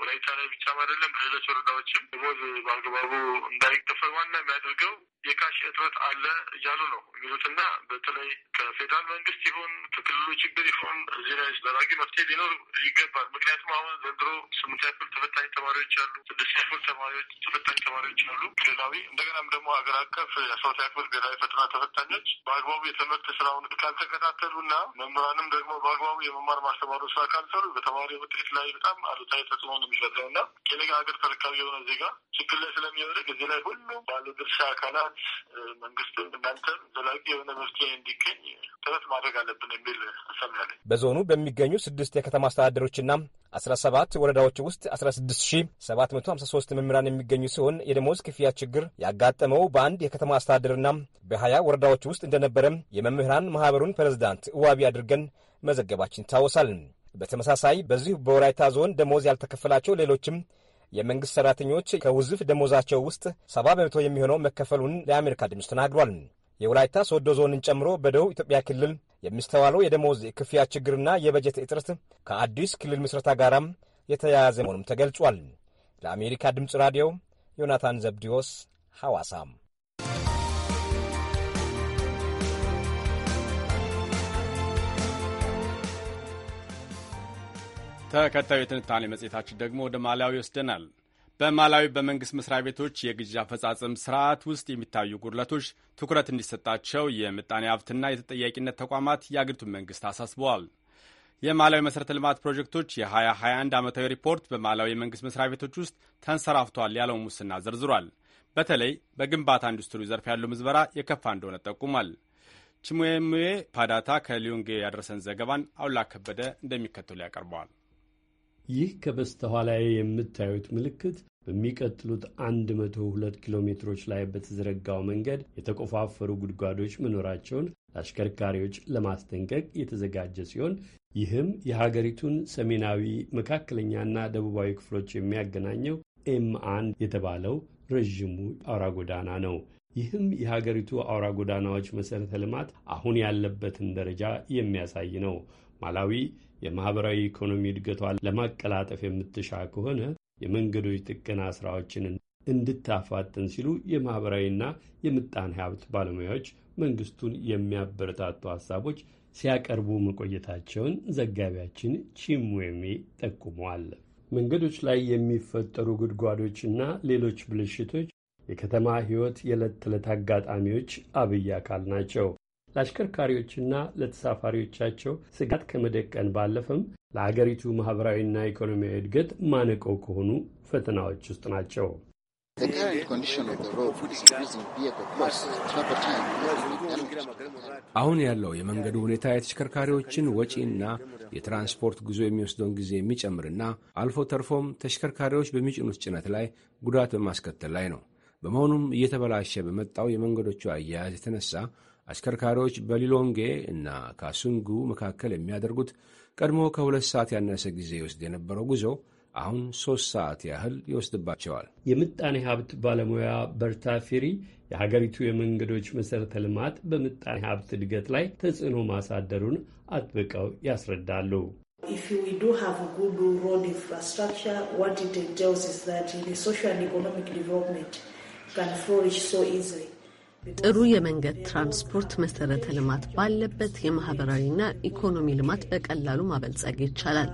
ወላይታ ላይ ብቻም አይደለም በሌሎች ወረዳዎችም ደሞዝ በአግባቡ እንዳይከፈል ዋና የሚያደርገው የካሽ እጥረት አለ እያሉ ነው የሚሉትና በተለይ ከፌዴራል መንግስት ይሁን ከክልሉ ችግር ይሁን እዚህ ላይ ዘላቂ መፍትሄ ሊኖር ይገባል። ምክንያቱም አሁን ዘንድሮ ስምንት ያክል ተፈታኝ ተማሪዎች አሉ፣ ስድስት ያክል ተማሪዎች ተፈታኝ ተማሪዎች አሉ ክልላዊ እንደገናም ደግሞ ሀገር አቀፍ የአስራት ያክል ብሔራዊ ፈተና ተፈታኞች በአግባቡ የትምህርት ስራውን ካልተከታተሉና መምህራንም ደግሞ በአግባቡ የመማር ማስተማሩ ስራ ካልሰሩ በተማሪ ውጤት ላይ በጣም አሉታዊ ተጽዕኖ መሆኑ የሚፈጥረው እና የነገ ሀገር ተረካቢ የሆነ ዜጋ ችግር ላይ ስለሚወድቅ እዚህ ላይ ሁሉም ባለ ድርሻ አካላት መንግስት፣ እናንተም ዘላቂ የሆነ መፍትሄ እንዲገኝ ጥረት ማድረግ አለብን የሚል ሰሚያለ በዞኑ በሚገኙ ስድስት የከተማ አስተዳደሮችና አስራ ሰባት ወረዳዎች ውስጥ አስራ ስድስት ሺ ሰባት መቶ ሀምሳ ሶስት መምህራን የሚገኙ ሲሆን የደሞዝ ክፍያ ችግር ያጋጠመው በአንድ የከተማ አስተዳደርና በሀያ ወረዳዎች ውስጥ እንደነበረም የመምህራን ማህበሩን ፕሬዝዳንት እዋቢ አድርገን መዘገባችን ይታወሳል። በተመሳሳይ በዚሁ በወላይታ ዞን ደሞዝ ያልተከፈላቸው ሌሎችም የመንግሥት ሠራተኞች ከውዝፍ ደሞዛቸው ውስጥ ሰባ በመቶ የሚሆነው መከፈሉን ለአሜሪካ ድምፅ ተናግሯል። የወላይታ ሶዶ ዞንን ጨምሮ በደቡብ ኢትዮጵያ ክልል የሚስተዋለው የደሞዝ ክፍያ ችግርና የበጀት እጥረት ከአዲስ ክልል ምስረታ ጋራም የተያያዘ መሆኑም ተገልጿል። ለአሜሪካ ድምፅ ራዲዮ ዮናታን ዘብዲዮስ ሐዋሳም ተከታዩ የትንታኔ መጽሔታችን ደግሞ ወደ ማላዊ ይወስደናል። በማላዊ በመንግሥት መስሪያ ቤቶች የግዢ አፈጻጸም ስርዓት ውስጥ የሚታዩ ጉድለቶች ትኩረት እንዲሰጣቸው የምጣኔ ሀብትና የተጠያቂነት ተቋማት የአገሪቱን መንግሥት አሳስበዋል። የማላዊ መሠረተ ልማት ፕሮጀክቶች የ2021 ዓመታዊ ሪፖርት በማላዊ የመንግሥት መስሪያ ቤቶች ውስጥ ተንሰራፍቷል ያለው ሙስና ዘርዝሯል። በተለይ በግንባታ ኢንዱስትሪ ዘርፍ ያለው ምዝበራ የከፋ እንደሆነ ጠቁሟል። ችሙዌሙዌ ፓዳታ ከሊዮንጌ ያደረሰን ዘገባን አውላ ከበደ እንደሚከተሉ ያቀርበዋል። ይህ ከበስተኋላ የምታዩት ምልክት በሚቀጥሉት 102 ኪሎ ሜትሮች ላይ በተዘረጋው መንገድ የተቆፋፈሩ ጉድጓዶች መኖራቸውን ለአሽከርካሪዎች ለማስጠንቀቅ የተዘጋጀ ሲሆን ይህም የሀገሪቱን ሰሜናዊ መካከለኛና ደቡባዊ ክፍሎች የሚያገናኘው ኤም አንድ የተባለው ረዥሙ አውራ ጎዳና ነው። ይህም የሀገሪቱ አውራ ጎዳናዎች መሠረተ ልማት አሁን ያለበትን ደረጃ የሚያሳይ ነው። ማላዊ የማኅበራዊ ኢኮኖሚ እድገቷን ለማቀላጠፍ የምትሻ ከሆነ የመንገዶች ጥገና ሥራዎችን እንድታፋጥን ሲሉ የማኅበራዊና የምጣኔ ሀብት ባለሙያዎች መንግስቱን የሚያበረታቱ ሀሳቦች ሲያቀርቡ መቆየታቸውን ዘጋቢያችን ቺምዌሜ ጠቁመዋል። መንገዶች ላይ የሚፈጠሩ ጉድጓዶችና ሌሎች ብልሽቶች የከተማ ሕይወት የዕለት ተዕለት አጋጣሚዎች አብይ አካል ናቸው። ለአሽከርካሪዎችና ለተሳፋሪዎቻቸው ስጋት ከመደቀን ባለፈም ለአገሪቱ ማህበራዊና ኢኮኖሚያዊ እድገት ማነቆ ከሆኑ ፈተናዎች ውስጥ ናቸው። አሁን ያለው የመንገዱ ሁኔታ የተሽከርካሪዎችን ወጪና የትራንስፖርት ጉዞ የሚወስደውን ጊዜ የሚጨምርና አልፎ ተርፎም ተሽከርካሪዎች በሚጭኑት ጭነት ላይ ጉዳት በማስከተል ላይ ነው። በመሆኑም እየተበላሸ በመጣው የመንገዶቹ አያያዝ የተነሳ አሽከርካሪዎች በሊሎንጌ እና ካሱንጉ መካከል የሚያደርጉት ቀድሞ ከሁለት ሰዓት ያነሰ ጊዜ ይወስድ የነበረው ጉዞ አሁን ሦስት ሰዓት ያህል ይወስድባቸዋል። የምጣኔ ሀብት ባለሙያ በርታ ፊሪ የሀገሪቱ የመንገዶች መሠረተ ልማት በምጣኔ ሀብት እድገት ላይ ተጽዕኖ ማሳደሩን አጥብቀው ያስረዳሉ። ጥሩ የመንገድ ትራንስፖርት መሰረተ ልማት ባለበት የማህበራዊና ኢኮኖሚ ልማት በቀላሉ ማበልጸግ ይቻላል።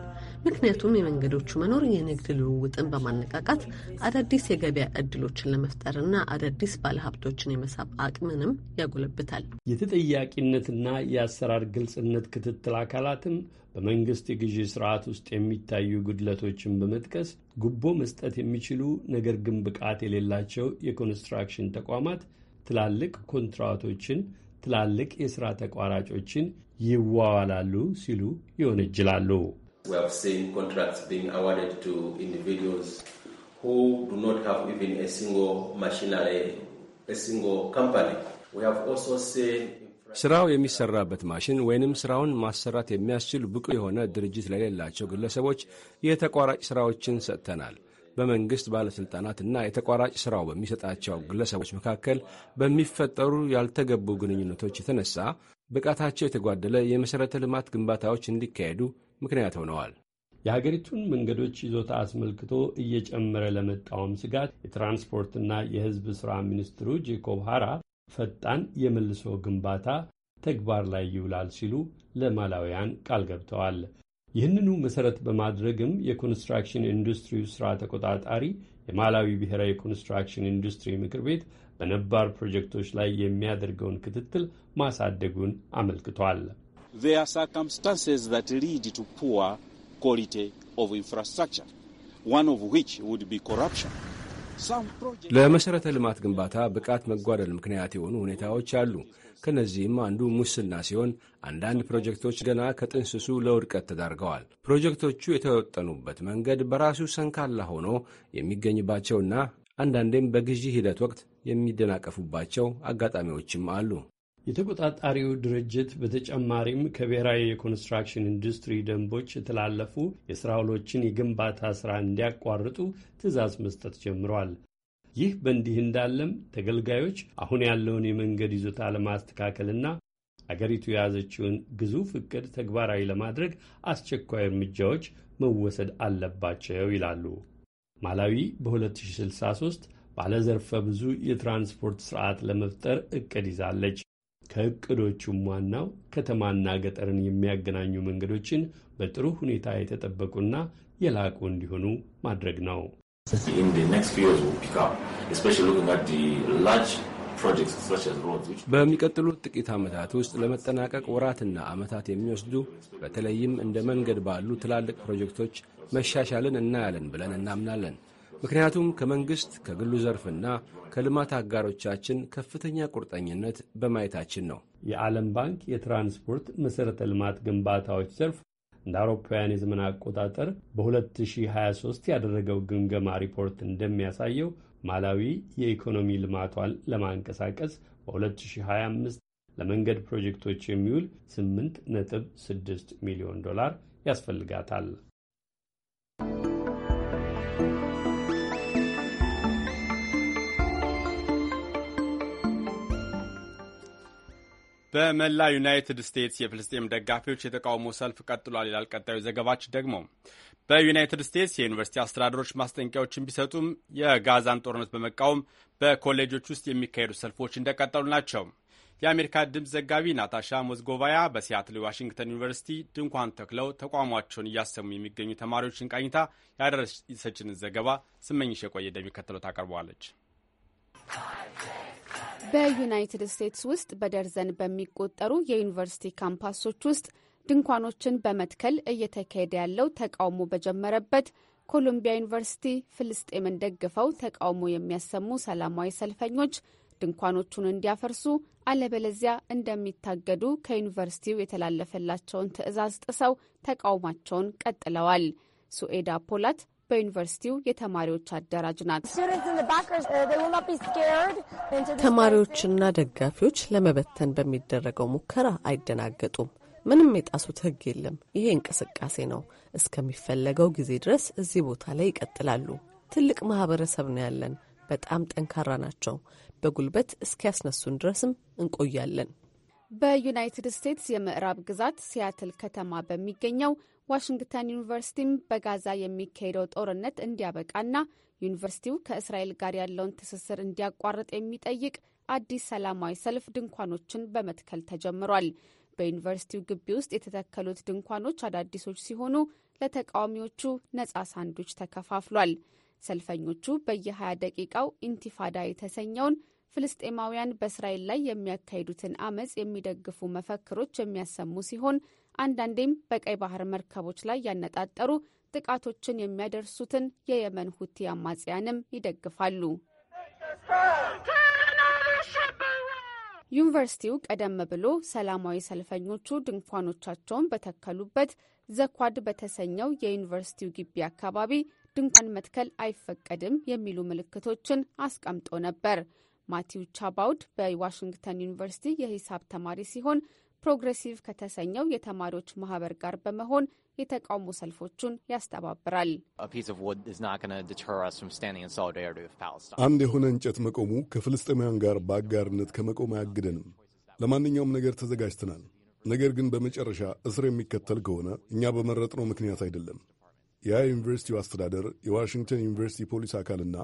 ምክንያቱም የመንገዶቹ መኖር የንግድ ልውውጥን በማነቃቃት አዳዲስ የገበያ እድሎችን ለመፍጠርና አዳዲስ ባለሀብቶችን የመሳብ አቅምንም ያጎለብታል። የተጠያቂነትና የአሰራር ግልጽነት ክትትል አካላትም በመንግስት የግዢ ስርዓት ውስጥ የሚታዩ ጉድለቶችን በመጥቀስ ጉቦ መስጠት የሚችሉ ነገር ግን ብቃት የሌላቸው የኮንስትራክሽን ተቋማት ትላልቅ ኮንትራቶችን፣ ትላልቅ የሥራ ተቋራጮችን ይዋዋላሉ ሲሉ ይወነጅላሉ። ስራው የሚሰራበት ማሽን ወይንም ስራውን ማሰራት የሚያስችል ብቁ የሆነ ድርጅት ለሌላቸው ግለሰቦች የተቋራጭ ስራዎችን ሰጥተናል። በመንግስት ባለስልጣናት እና የተቋራጭ ሥራው በሚሰጣቸው ግለሰቦች መካከል በሚፈጠሩ ያልተገቡ ግንኙነቶች የተነሳ ብቃታቸው የተጓደለ የመሠረተ ልማት ግንባታዎች እንዲካሄዱ ምክንያት ሆነዋል። የሀገሪቱን መንገዶች ይዞታ አስመልክቶ እየጨመረ ለመጣውም ስጋት የትራንስፖርትና የሕዝብ ሥራ ሚኒስትሩ ጄኮብ ሃራ ፈጣን የመልሶ ግንባታ ተግባር ላይ ይውላል ሲሉ ለማላውያን ቃል ገብተዋል። ይህንኑ መሰረት በማድረግም የኮንስትራክሽን ኢንዱስትሪው ስራ ተቆጣጣሪ የማላዊ ብሔራዊ የኮንስትራክሽን ኢንዱስትሪ ምክር ቤት በነባር ፕሮጀክቶች ላይ የሚያደርገውን ክትትል ማሳደጉን አመልክቷል። ለመሠረተ ልማት ግንባታ ብቃት መጓደል ምክንያት የሆኑ ሁኔታዎች አሉ። ከነዚህም አንዱ ሙስና ሲሆን አንዳንድ ፕሮጀክቶች ገና ከጥንስሱ ለውድቀት ተዳርገዋል። ፕሮጀክቶቹ የተወጠኑበት መንገድ በራሱ ሰንካላ ሆኖ የሚገኝባቸውና አንዳንዴም በግዢ ሂደት ወቅት የሚደናቀፉባቸው አጋጣሚዎችም አሉ። የተቆጣጣሪው ድርጅት በተጨማሪም ከብሔራዊ የኮንስትራክሽን ኢንዱስትሪ ደንቦች የተላለፉ የስራ ውሎችን የግንባታ ስራ እንዲያቋርጡ ትዕዛዝ መስጠት ጀምሯል። ይህ በእንዲህ እንዳለም ተገልጋዮች አሁን ያለውን የመንገድ ይዞታ ለማስተካከልና አገሪቱ የያዘችውን ግዙፍ እቅድ ተግባራዊ ለማድረግ አስቸኳይ እርምጃዎች መወሰድ አለባቸው ይላሉ። ማላዊ በ2063 ባለዘርፈ ብዙ የትራንስፖርት ስርዓት ለመፍጠር እቅድ ይዛለች። ከእቅዶቹም ዋናው ከተማና ገጠርን የሚያገናኙ መንገዶችን በጥሩ ሁኔታ የተጠበቁና የላቁ እንዲሆኑ ማድረግ ነው። በሚቀጥሉት ጥቂት ዓመታት ውስጥ ለመጠናቀቅ ወራትና ዓመታት የሚወስዱ በተለይም እንደ መንገድ ባሉ ትላልቅ ፕሮጀክቶች መሻሻልን እናያለን ብለን እናምናለን። ምክንያቱም ከመንግሥት ከግሉ ዘርፍና ከልማት አጋሮቻችን ከፍተኛ ቁርጠኝነት በማየታችን ነው። የዓለም ባንክ የትራንስፖርት መሠረተ ልማት ግንባታዎች ዘርፍ እንደ አውሮፓውያን የዘመን አቆጣጠር በ2023 ያደረገው ግምገማ ሪፖርት እንደሚያሳየው ማላዊ የኢኮኖሚ ልማቷን ለማንቀሳቀስ በ2025 ለመንገድ ፕሮጀክቶች የሚውል 8 ነጥብ ሚሊዮን ዶላር ያስፈልጋታል። በመላ ዩናይትድ ስቴትስ የፍልስጤም ደጋፊዎች የተቃውሞ ሰልፍ ቀጥሏል ይላል ቀጣዩ ዘገባችን። ደግሞ በዩናይትድ ስቴትስ የዩኒቨርሲቲ አስተዳደሮች ማስጠንቀቂያዎችን ቢሰጡም የጋዛን ጦርነት በመቃወም በኮሌጆች ውስጥ የሚካሄዱ ሰልፎች እንደቀጠሉ ናቸው። የአሜሪካ ድምፅ ዘጋቢ ናታሻ ሞዝጎቫያ በሲያትል ዋሽንግተን ዩኒቨርሲቲ ድንኳን ተክለው ተቋማቸውን እያሰሙ የሚገኙ ተማሪዎችን ቃኝታ ያደረሰችንን ዘገባ ስመኝሽ የቆየ እንደሚከተለው ታቀርበዋለች። በዩናይትድ ስቴትስ ውስጥ በደርዘን በሚቆጠሩ የዩኒቨርሲቲ ካምፓሶች ውስጥ ድንኳኖችን በመትከል እየተካሄደ ያለው ተቃውሞ በጀመረበት ኮሎምቢያ ዩኒቨርሲቲ ፍልስጤምን ደግፈው ተቃውሞ የሚያሰሙ ሰላማዊ ሰልፈኞች ድንኳኖቹን እንዲያፈርሱ አለበለዚያ እንደሚታገዱ ከዩኒቨርሲቲው የተላለፈላቸውን ትዕዛዝ ጥሰው ተቃውሟቸውን ቀጥለዋል። ሱኤዳ ፖላት በዩኒቨርሲቲው የተማሪዎች አደራጅ ናት። uh, ተማሪዎችና ደጋፊዎች ለመበተን በሚደረገው ሙከራ አይደናገጡም። ምንም የጣሱት ሕግ የለም። ይሄ እንቅስቃሴ ነው። እስከሚፈለገው ጊዜ ድረስ እዚህ ቦታ ላይ ይቀጥላሉ። ትልቅ ማህበረሰብ ነው ያለን። በጣም ጠንካራ ናቸው። በጉልበት እስኪያስነሱን ድረስም እንቆያለን። በዩናይትድ ስቴትስ የምዕራብ ግዛት ሲያትል ከተማ በሚገኘው ዋሽንግተን ዩኒቨርሲቲም በጋዛ የሚካሄደው ጦርነት እንዲያበቃና ዩኒቨርሲቲው ከእስራኤል ጋር ያለውን ትስስር እንዲያቋርጥ የሚጠይቅ አዲስ ሰላማዊ ሰልፍ ድንኳኖችን በመትከል ተጀምሯል። በዩኒቨርሲቲው ግቢ ውስጥ የተተከሉት ድንኳኖች አዳዲሶች ሲሆኑ ለተቃዋሚዎቹ ነጻ ሳንዱች ተከፋፍሏል። ሰልፈኞቹ በየ20 ደቂቃው ኢንቲፋዳ የተሰኘውን ፍልስጤማውያን በእስራኤል ላይ የሚያካሂዱትን አመጽ የሚደግፉ መፈክሮች የሚያሰሙ ሲሆን አንዳንዴም በቀይ ባህር መርከቦች ላይ ያነጣጠሩ ጥቃቶችን የሚያደርሱትን የየመን ሁቲ አማጽያንም ይደግፋሉ። ዩኒቨርሲቲው ቀደም ብሎ ሰላማዊ ሰልፈኞቹ ድንኳኖቻቸውን በተከሉበት ዘኳድ በተሰኘው የዩኒቨርሲቲው ግቢ አካባቢ ድንኳን መትከል አይፈቀድም የሚሉ ምልክቶችን አስቀምጦ ነበር። ማቲው ቻባውድ በዋሽንግተን ዩኒቨርሲቲ የሂሳብ ተማሪ ሲሆን ፕሮግሬሲቭ ከተሰኘው የተማሪዎች ማህበር ጋር በመሆን የተቃውሞ ሰልፎቹን ያስተባብራል። አንድ የሆነ እንጨት መቆሙ ከፍልስጤማውያን ጋር በአጋርነት ከመቆም አያግደንም። ለማንኛውም ነገር ተዘጋጅተናል። ነገር ግን በመጨረሻ እስር የሚከተል ከሆነ እኛ በመረጥነው ምክንያት አይደለም። ያ የዩኒቨርሲቲው አስተዳደር፣ የዋሽንግተን ዩኒቨርሲቲ ፖሊስ አካልና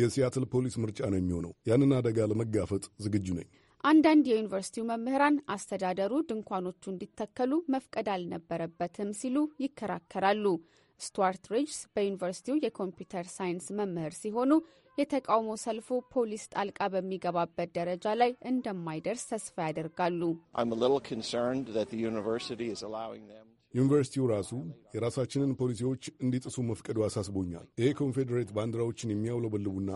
የሲያትል ፖሊስ ምርጫ ነው የሚሆነው። ያንን አደጋ ለመጋፈጥ ዝግጁ ነኝ። አንዳንድ የዩኒቨርሲቲው መምህራን አስተዳደሩ ድንኳኖቹ እንዲተከሉ መፍቀድ አልነበረበትም ሲሉ ይከራከራሉ። ስቱዋርት ሪጅስ በዩኒቨርሲቲው የኮምፒውተር ሳይንስ መምህር ሲሆኑ የተቃውሞ ሰልፉ ፖሊስ ጣልቃ በሚገባበት ደረጃ ላይ እንደማይደርስ ተስፋ ያደርጋሉ። ዩኒቨርሲቲው ራሱ የራሳችንን ፖሊሲዎች እንዲጥሱ መፍቀዱ አሳስቦኛል። ይሄ ኮንፌዴሬት ባንዲራዎችን የሚያውለበልቡና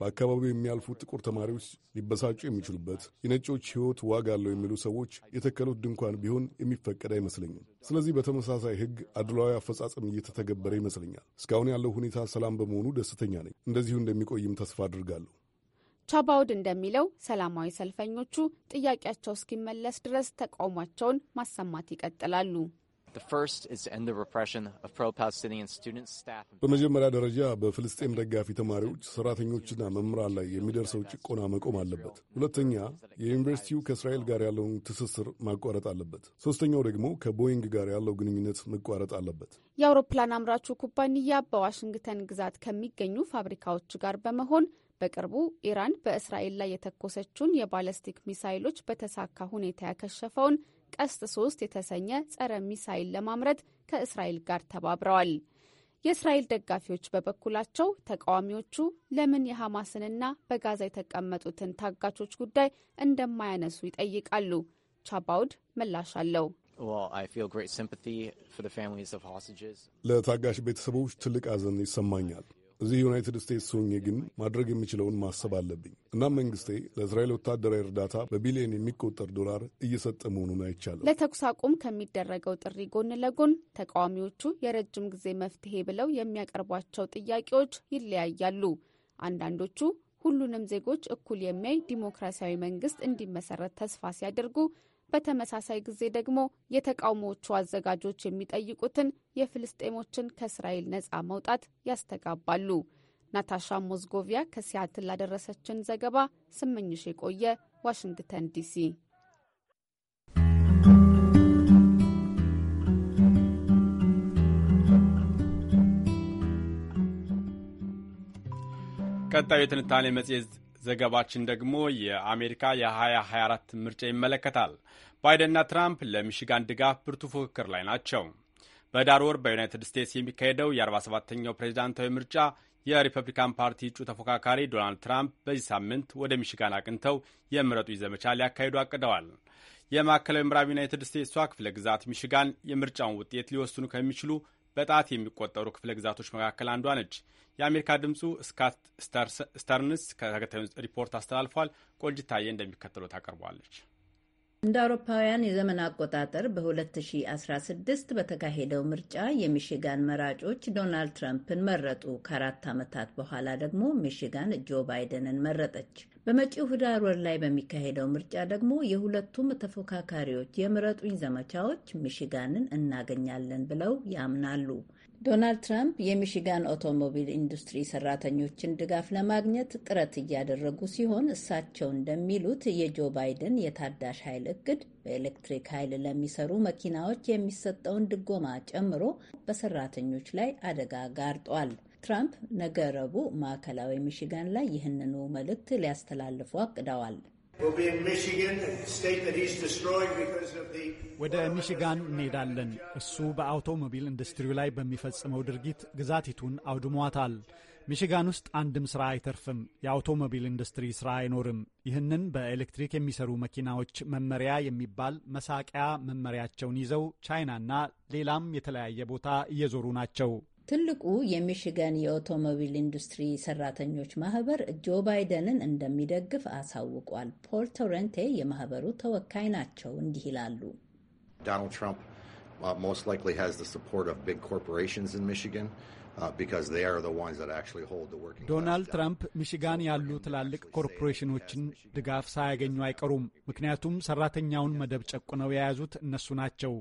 በአካባቢው የሚያልፉ ጥቁር ተማሪዎች ሊበሳጩ የሚችሉበት፣ የነጮች ሕይወት ዋጋ አለው የሚሉ ሰዎች የተከሉት ድንኳን ቢሆን የሚፈቀድ አይመስለኝም። ስለዚህ በተመሳሳይ ሕግ አድሏዊ አፈጻጸም እየተተገበረ ይመስለኛል። እስካሁን ያለው ሁኔታ ሰላም በመሆኑ ደስተኛ ነኝ። እንደዚሁ እንደሚቆይም ተስፋ አድርጋለሁ። ቻባውድ እንደሚለው ሰላማዊ ሰልፈኞቹ ጥያቄያቸው እስኪመለስ ድረስ ተቃውሟቸውን ማሰማት ይቀጥላሉ። በመጀመሪያ ደረጃ በፍልስጤም ደጋፊ ተማሪዎች፣ ሠራተኞችና መምህራን ላይ የሚደርሰው ጭቆና መቆም አለበት። ሁለተኛ፣ የዩኒቨርሲቲው ከእስራኤል ጋር ያለውን ትስስር ማቋረጥ አለበት። ሦስተኛው ደግሞ ከቦይንግ ጋር ያለው ግንኙነት መቋረጥ አለበት። የአውሮፕላን አምራቹ ኩባንያ በዋሽንግተን ግዛት ከሚገኙ ፋብሪካዎች ጋር በመሆን በቅርቡ ኢራን በእስራኤል ላይ የተኮሰችውን የባለስቲክ ሚሳይሎች በተሳካ ሁኔታ ያከሸፈውን ቀስት ሶስት የተሰኘ ጸረ ሚሳይል ለማምረት ከእስራኤል ጋር ተባብረዋል። የእስራኤል ደጋፊዎች በበኩላቸው ተቃዋሚዎቹ ለምን የሐማስንና በጋዛ የተቀመጡትን ታጋቾች ጉዳይ እንደማያነሱ ይጠይቃሉ። ቻባውድ ምላሽ አለው። ለታጋሽ ቤተሰቦች ትልቅ ሐዘን ይሰማኛል። እዚህ ዩናይትድ ስቴትስ ሆኜ ግን ማድረግ የምችለውን ማሰብ አለብኝ። እናም መንግስቴ ለእስራኤል ወታደራዊ እርዳታ በቢሊዮን የሚቆጠር ዶላር እየሰጠ መሆኑን አይቻለሁ። ለተኩስ አቁም ከሚደረገው ጥሪ ጎን ለጎን ተቃዋሚዎቹ የረጅም ጊዜ መፍትሄ ብለው የሚያቀርቧቸው ጥያቄዎች ይለያያሉ። አንዳንዶቹ ሁሉንም ዜጎች እኩል የሚያይ ዲሞክራሲያዊ መንግስት እንዲመሰረት ተስፋ ሲያደርጉ በተመሳሳይ ጊዜ ደግሞ የተቃውሞዎቹ አዘጋጆች የሚጠይቁትን የፍልስጤሞችን ከእስራኤል ነፃ መውጣት ያስተጋባሉ። ናታሻ ሞዝጎቪያ ከሲያትል ላደረሰችን ዘገባ ስመኝሽ የቆየ ዋሽንግተን ዲሲ። ቀጣዩ የትንታኔ መጽሔት ዘገባችን ደግሞ የአሜሪካ የ2024 ምርጫ ይመለከታል። ባይደንና ትራምፕ ለሚሽጋን ድጋፍ ብርቱ ፉክክር ላይ ናቸው። በዳር ወር በዩናይትድ ስቴትስ የሚካሄደው የ47ኛው ፕሬዚዳንታዊ ምርጫ የሪፐብሊካን ፓርቲ እጩ ተፎካካሪ ዶናልድ ትራምፕ በዚህ ሳምንት ወደ ሚሽጋን አቅንተው የምረጡኝ ዘመቻ ሊያካሂዱ አቅደዋል። የማዕከላዊ ምዕራብ ዩናይትድ ስቴትሷ ክፍለ ግዛት ሚሽጋን የምርጫውን ውጤት ሊወስኑ ከሚችሉ በጣት የሚቆጠሩ ክፍለ ግዛቶች መካከል አንዷ ነች። የአሜሪካ ድምፁ ስካት ስተርንስ ከተከታዩን ሪፖርት አስተላልፏል። ቆንጅታዬ እንደሚከተለው ታቀርበዋለች። እንደ አውሮፓውያን የዘመን አቆጣጠር በ2016 በተካሄደው ምርጫ የሚሽጋን መራጮች ዶናልድ ትራምፕን መረጡ። ከአራት ዓመታት በኋላ ደግሞ ሚሽጋን ጆ ባይደንን መረጠች። በመጪው ህዳር ወር ላይ በሚካሄደው ምርጫ ደግሞ የሁለቱም ተፎካካሪዎች የምረጡኝ ዘመቻዎች ሚሽጋንን እናገኛለን ብለው ያምናሉ። ዶናልድ ትራምፕ የሚሽጋን ኦቶሞቢል ኢንዱስትሪ ሰራተኞችን ድጋፍ ለማግኘት ጥረት እያደረጉ ሲሆን እሳቸው እንደሚሉት የጆ ባይደን የታዳሽ ኃይል እቅድ በኤሌክትሪክ ኃይል ለሚሰሩ መኪናዎች የሚሰጠውን ድጎማ ጨምሮ በሰራተኞች ላይ አደጋ ጋርጧል። ትራምፕ ነገ ረቡዕ ማዕከላዊ ሚሽጋን ላይ ይህንኑ መልእክት ሊያስተላልፉ አቅደዋል። ወደ ሚሽጋን እንሄዳለን። እሱ በአውቶሞቢል ኢንዱስትሪው ላይ በሚፈጽመው ድርጊት ግዛቲቱን አውድሟታል። ሚሽጋን ውስጥ አንድም ስራ አይተርፍም። የአውቶሞቢል ኢንዱስትሪ ስራ አይኖርም። ይህንን በኤሌክትሪክ የሚሰሩ መኪናዎች መመሪያ የሚባል መሳቂያ መመሪያቸውን ይዘው ቻይናና ሌላም የተለያየ ቦታ እየዞሩ ናቸው። ትልቁ የሚሽገን የኦቶሞቢል ኢንዱስትሪ ሰራተኞች ማህበር ጆ ባይደንን እንደሚደግፍ አሳውቋል። ፖል ቶረንቴ የማህበሩ ተወካይ ናቸው። እንዲህ ይላሉ። ዶናልድ ትራምፕ ሚሽጋን ያሉ ትላልቅ ኮርፖሬሽኖችን ድጋፍ ሳያገኙ አይቀሩም። ምክንያቱም ሰራተኛውን መደብ ጨቁነው የያዙት እነሱ ናቸው።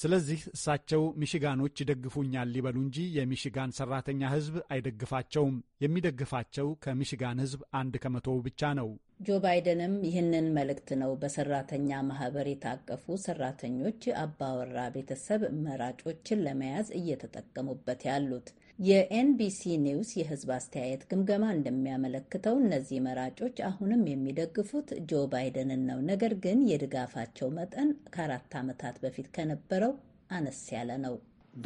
ስለዚህ እሳቸው ሚሽጋኖች ይደግፉኛል ሊበሉ እንጂ የሚሽጋን ሰራተኛ ህዝብ አይደግፋቸውም። የሚደግፋቸው ከሚሽጋን ህዝብ አንድ ከመቶ ብቻ ነው። ጆ ባይደንም ይህንን መልእክት ነው በሰራተኛ ማህበር የታቀፉ ሰራተኞች አባወራ ቤተሰብ መራጮችን ለመያዝ እየተጠቀሙበት ያሉት። የኤንቢሲ ኒውስ የህዝብ አስተያየት ግምገማ እንደሚያመለክተው እነዚህ መራጮች አሁንም የሚደግፉት ጆ ባይደንን ነው። ነገር ግን የድጋፋቸው መጠን ከአራት ዓመታት በፊት ከነበረው አነስ ያለ ነው።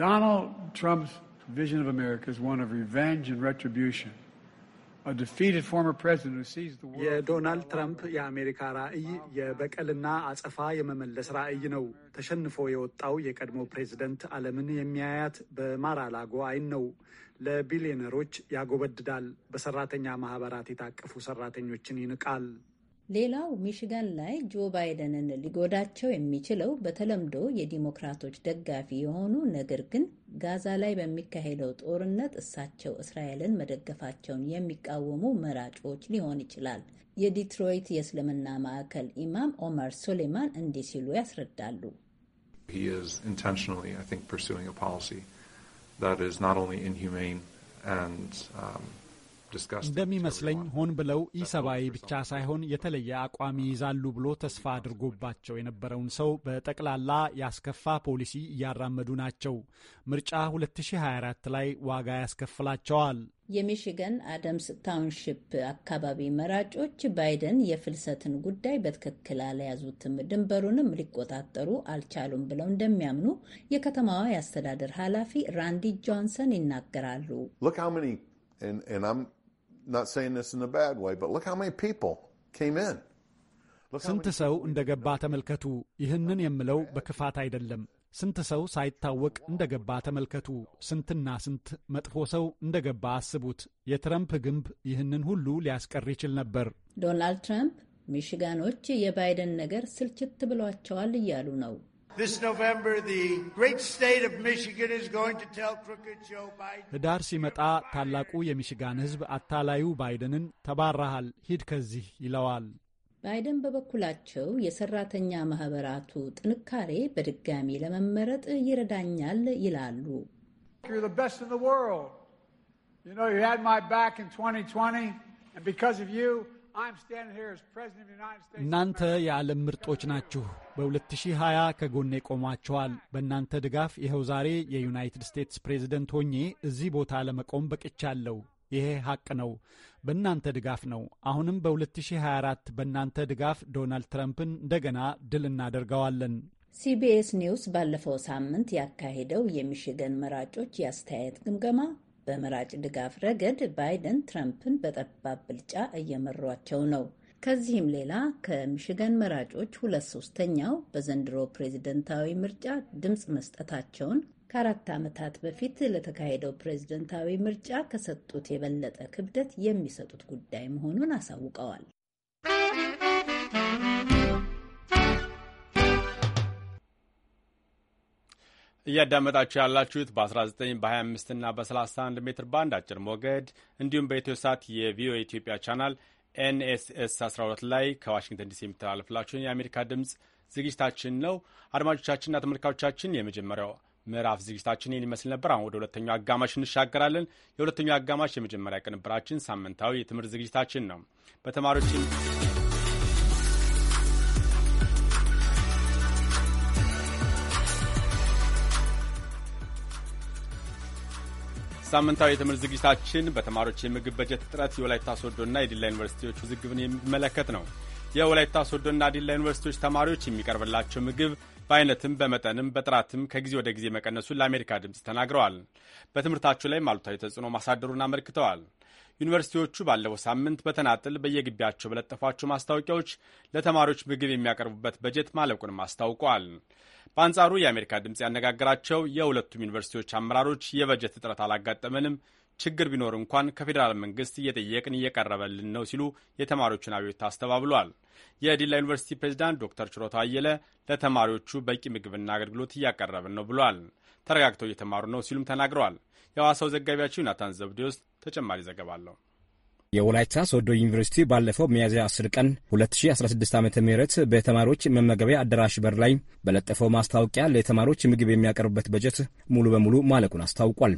ዶናልድ ትራምፕ ቪዥን ኦፍ አሜሪካ ኢዝ ዋን ኦፍ ሪቨንጅ ኤንድ ሬትሪቢዩሽን የዶናልድ ትራምፕ የአሜሪካ ራዕይ የበቀልና አጸፋ የመመለስ ራዕይ ነው። ተሸንፎ የወጣው የቀድሞ ፕሬዝደንት ዓለምን የሚያያት በማራላጎ አይን ነው። ለቢሊዮነሮች ያጎበድዳል። በሰራተኛ ማህበራት የታቀፉ ሰራተኞችን ይንቃል። ሌላው ሚሽጋን ላይ ጆ ባይደንን ሊጎዳቸው የሚችለው በተለምዶ የዲሞክራቶች ደጋፊ የሆኑ ነገር ግን ጋዛ ላይ በሚካሄደው ጦርነት እሳቸው እስራኤልን መደገፋቸውን የሚቃወሙ መራጮች ሊሆን ይችላል። የዲትሮይት የእስልምና ማዕከል ኢማም ኦመር ሱሌማን እንዲህ ሲሉ ያስረዳሉ። ፖሊሲ እንደሚመስለኝ ሆን ብለው ኢሰብአዊ ብቻ ሳይሆን የተለየ አቋም uh, ይይዛሉ ብሎ ተስፋ አድርጎባቸው የነበረውን ሰው በጠቅላላ ያስከፋ ፖሊሲ እያራመዱ ናቸው። ምርጫ 2024 ላይ ዋጋ ያስከፍላቸዋል። የሚሽገን አደምስ ታውንሺፕ አካባቢ መራጮች ባይደን የፍልሰትን ጉዳይ በትክክል አልያዙትም፣ ድንበሩንም ሊቆጣጠሩ አልቻሉም ብለው እንደሚያምኑ የከተማዋ የአስተዳደር ኃላፊ ራንዲ ጆንሰን ይናገራሉ። not saying this ስንት ሰው እንደገባ ተመልከቱ። ይህንን የምለው በክፋት አይደለም። ስንት ሰው ሳይታወቅ እንደገባ ተመልከቱ። ስንትና ስንት መጥፎ ሰው እንደገባ አስቡት። የትረምፕ ግንብ ይህንን ሁሉ ሊያስቀር ይችል ነበር። ዶናልድ ትራምፕ ሚሽጋኖች የባይደን ነገር ስልችት ብሏቸዋል እያሉ ነው። ህዳር ሲመጣ ታላቁ የሚሽጋን ህዝብ አታላዩ ባይደንን ተባራሃል፣ ሂድ ከዚህ ይለዋል። ባይደን በበኩላቸው የሰራተኛ ማህበራቱ ጥንካሬ በድጋሚ ለመመረጥ ይረዳኛል ይላሉ። እናንተ የዓለም ምርጦች ናችሁ። በ2020 ከጎኔ ቆሟቸዋል። በእናንተ ድጋፍ ይኸው ዛሬ የዩናይትድ ስቴትስ ፕሬዝደንት ሆኜ እዚህ ቦታ ለመቆም በቅቻለሁ። ይሄ ሐቅ ነው። በእናንተ ድጋፍ ነው። አሁንም በ2024 በእናንተ ድጋፍ ዶናልድ ትራምፕን እንደገና ድል እናደርገዋለን። ሲቢኤስ ኒውስ ባለፈው ሳምንት ያካሄደው የሚሽገን መራጮች የአስተያየት ግምገማ በመራጭ ድጋፍ ረገድ ባይደን ትራምፕን በጠባብ ብልጫ እየመሯቸው ነው። ከዚህም ሌላ ከሚሽገን መራጮች ሁለት ሶስተኛው በዘንድሮ ፕሬዝደንታዊ ምርጫ ድምፅ መስጠታቸውን ከአራት ዓመታት በፊት ለተካሄደው ፕሬዝደንታዊ ምርጫ ከሰጡት የበለጠ ክብደት የሚሰጡት ጉዳይ መሆኑን አሳውቀዋል። እያዳመጣችሁ ያላችሁት በ19 በ25 እና በ31 ሜትር ባንድ አጭር ሞገድ እንዲሁም በኢትዮ ሳት የቪኦኤ ኢትዮጵያ ቻናል ኤንኤስኤስ 12 ላይ ከዋሽንግተን ዲሲ የሚተላለፍላችሁን የአሜሪካ ድምፅ ዝግጅታችን ነው። አድማጮቻችንና ተመልካቾቻችን የመጀመሪያው ምዕራፍ ዝግጅታችን ይህን ይመስል ነበር። አሁን ወደ ሁለተኛው አጋማሽ እንሻገራለን። የሁለተኛው አጋማሽ የመጀመሪያ ቅንብራችን ሳምንታዊ የትምህርት ዝግጅታችን ነው። በተማሪዎችን ሳምንታዊ የትምህርት ዝግጅታችን በተማሪዎች የምግብ በጀት እጥረት የወላይታ ሶዶና የዲላ ዩኒቨርሲቲዎች ውዝግብን የሚመለከት ነው። የወላይታ ሶዶና ዲላ ዩኒቨርሲቲዎች ተማሪዎች የሚቀርብላቸው ምግብ በአይነትም በመጠንም በጥራትም ከጊዜ ወደ ጊዜ መቀነሱን ለአሜሪካ ድምፅ ተናግረዋል። በትምህርታቸው ላይም አሉታዊ ተጽዕኖ ማሳደሩን አመልክተዋል። ዩኒቨርሲቲዎቹ ባለፈው ሳምንት በተናጥል በየግቢያቸው በለጠፏቸው ማስታወቂያዎች ለተማሪዎች ምግብ የሚያቀርቡበት በጀት ማለቁንም አስታውቋል። በአንጻሩ የአሜሪካ ድምፅ ያነጋገራቸው የሁለቱም ዩኒቨርሲቲዎች አመራሮች የበጀት እጥረት አላጋጠመንም ችግር ቢኖር እንኳን ከፌዴራል መንግስት እየጠየቅን እየቀረበልን ነው ሲሉ የተማሪዎቹን አብዮት አስተባብሏል። የዲላ ዩኒቨርሲቲ ፕሬዚዳንት ዶክተር ችሮታ አየለ ለተማሪዎቹ በቂ ምግብና አገልግሎት እያቀረብን ነው ብሏል። ተረጋግተው እየተማሩ ነው ሲሉም ተናግረዋል። የሐዋሳው ዘጋቢያችን ናታን ዘብዴዎስ ተጨማሪ ዘገባ አለው። የወላይታ ሶዶ ዩኒቨርሲቲ ባለፈው ሚያዝያ 10 ቀን 2016 ዓ ም በተማሪዎች መመገቢያ አዳራሽ በር ላይ በለጠፈው ማስታወቂያ ለተማሪዎች ምግብ የሚያቀርብበት በጀት ሙሉ በሙሉ ማለቁን አስታውቋል።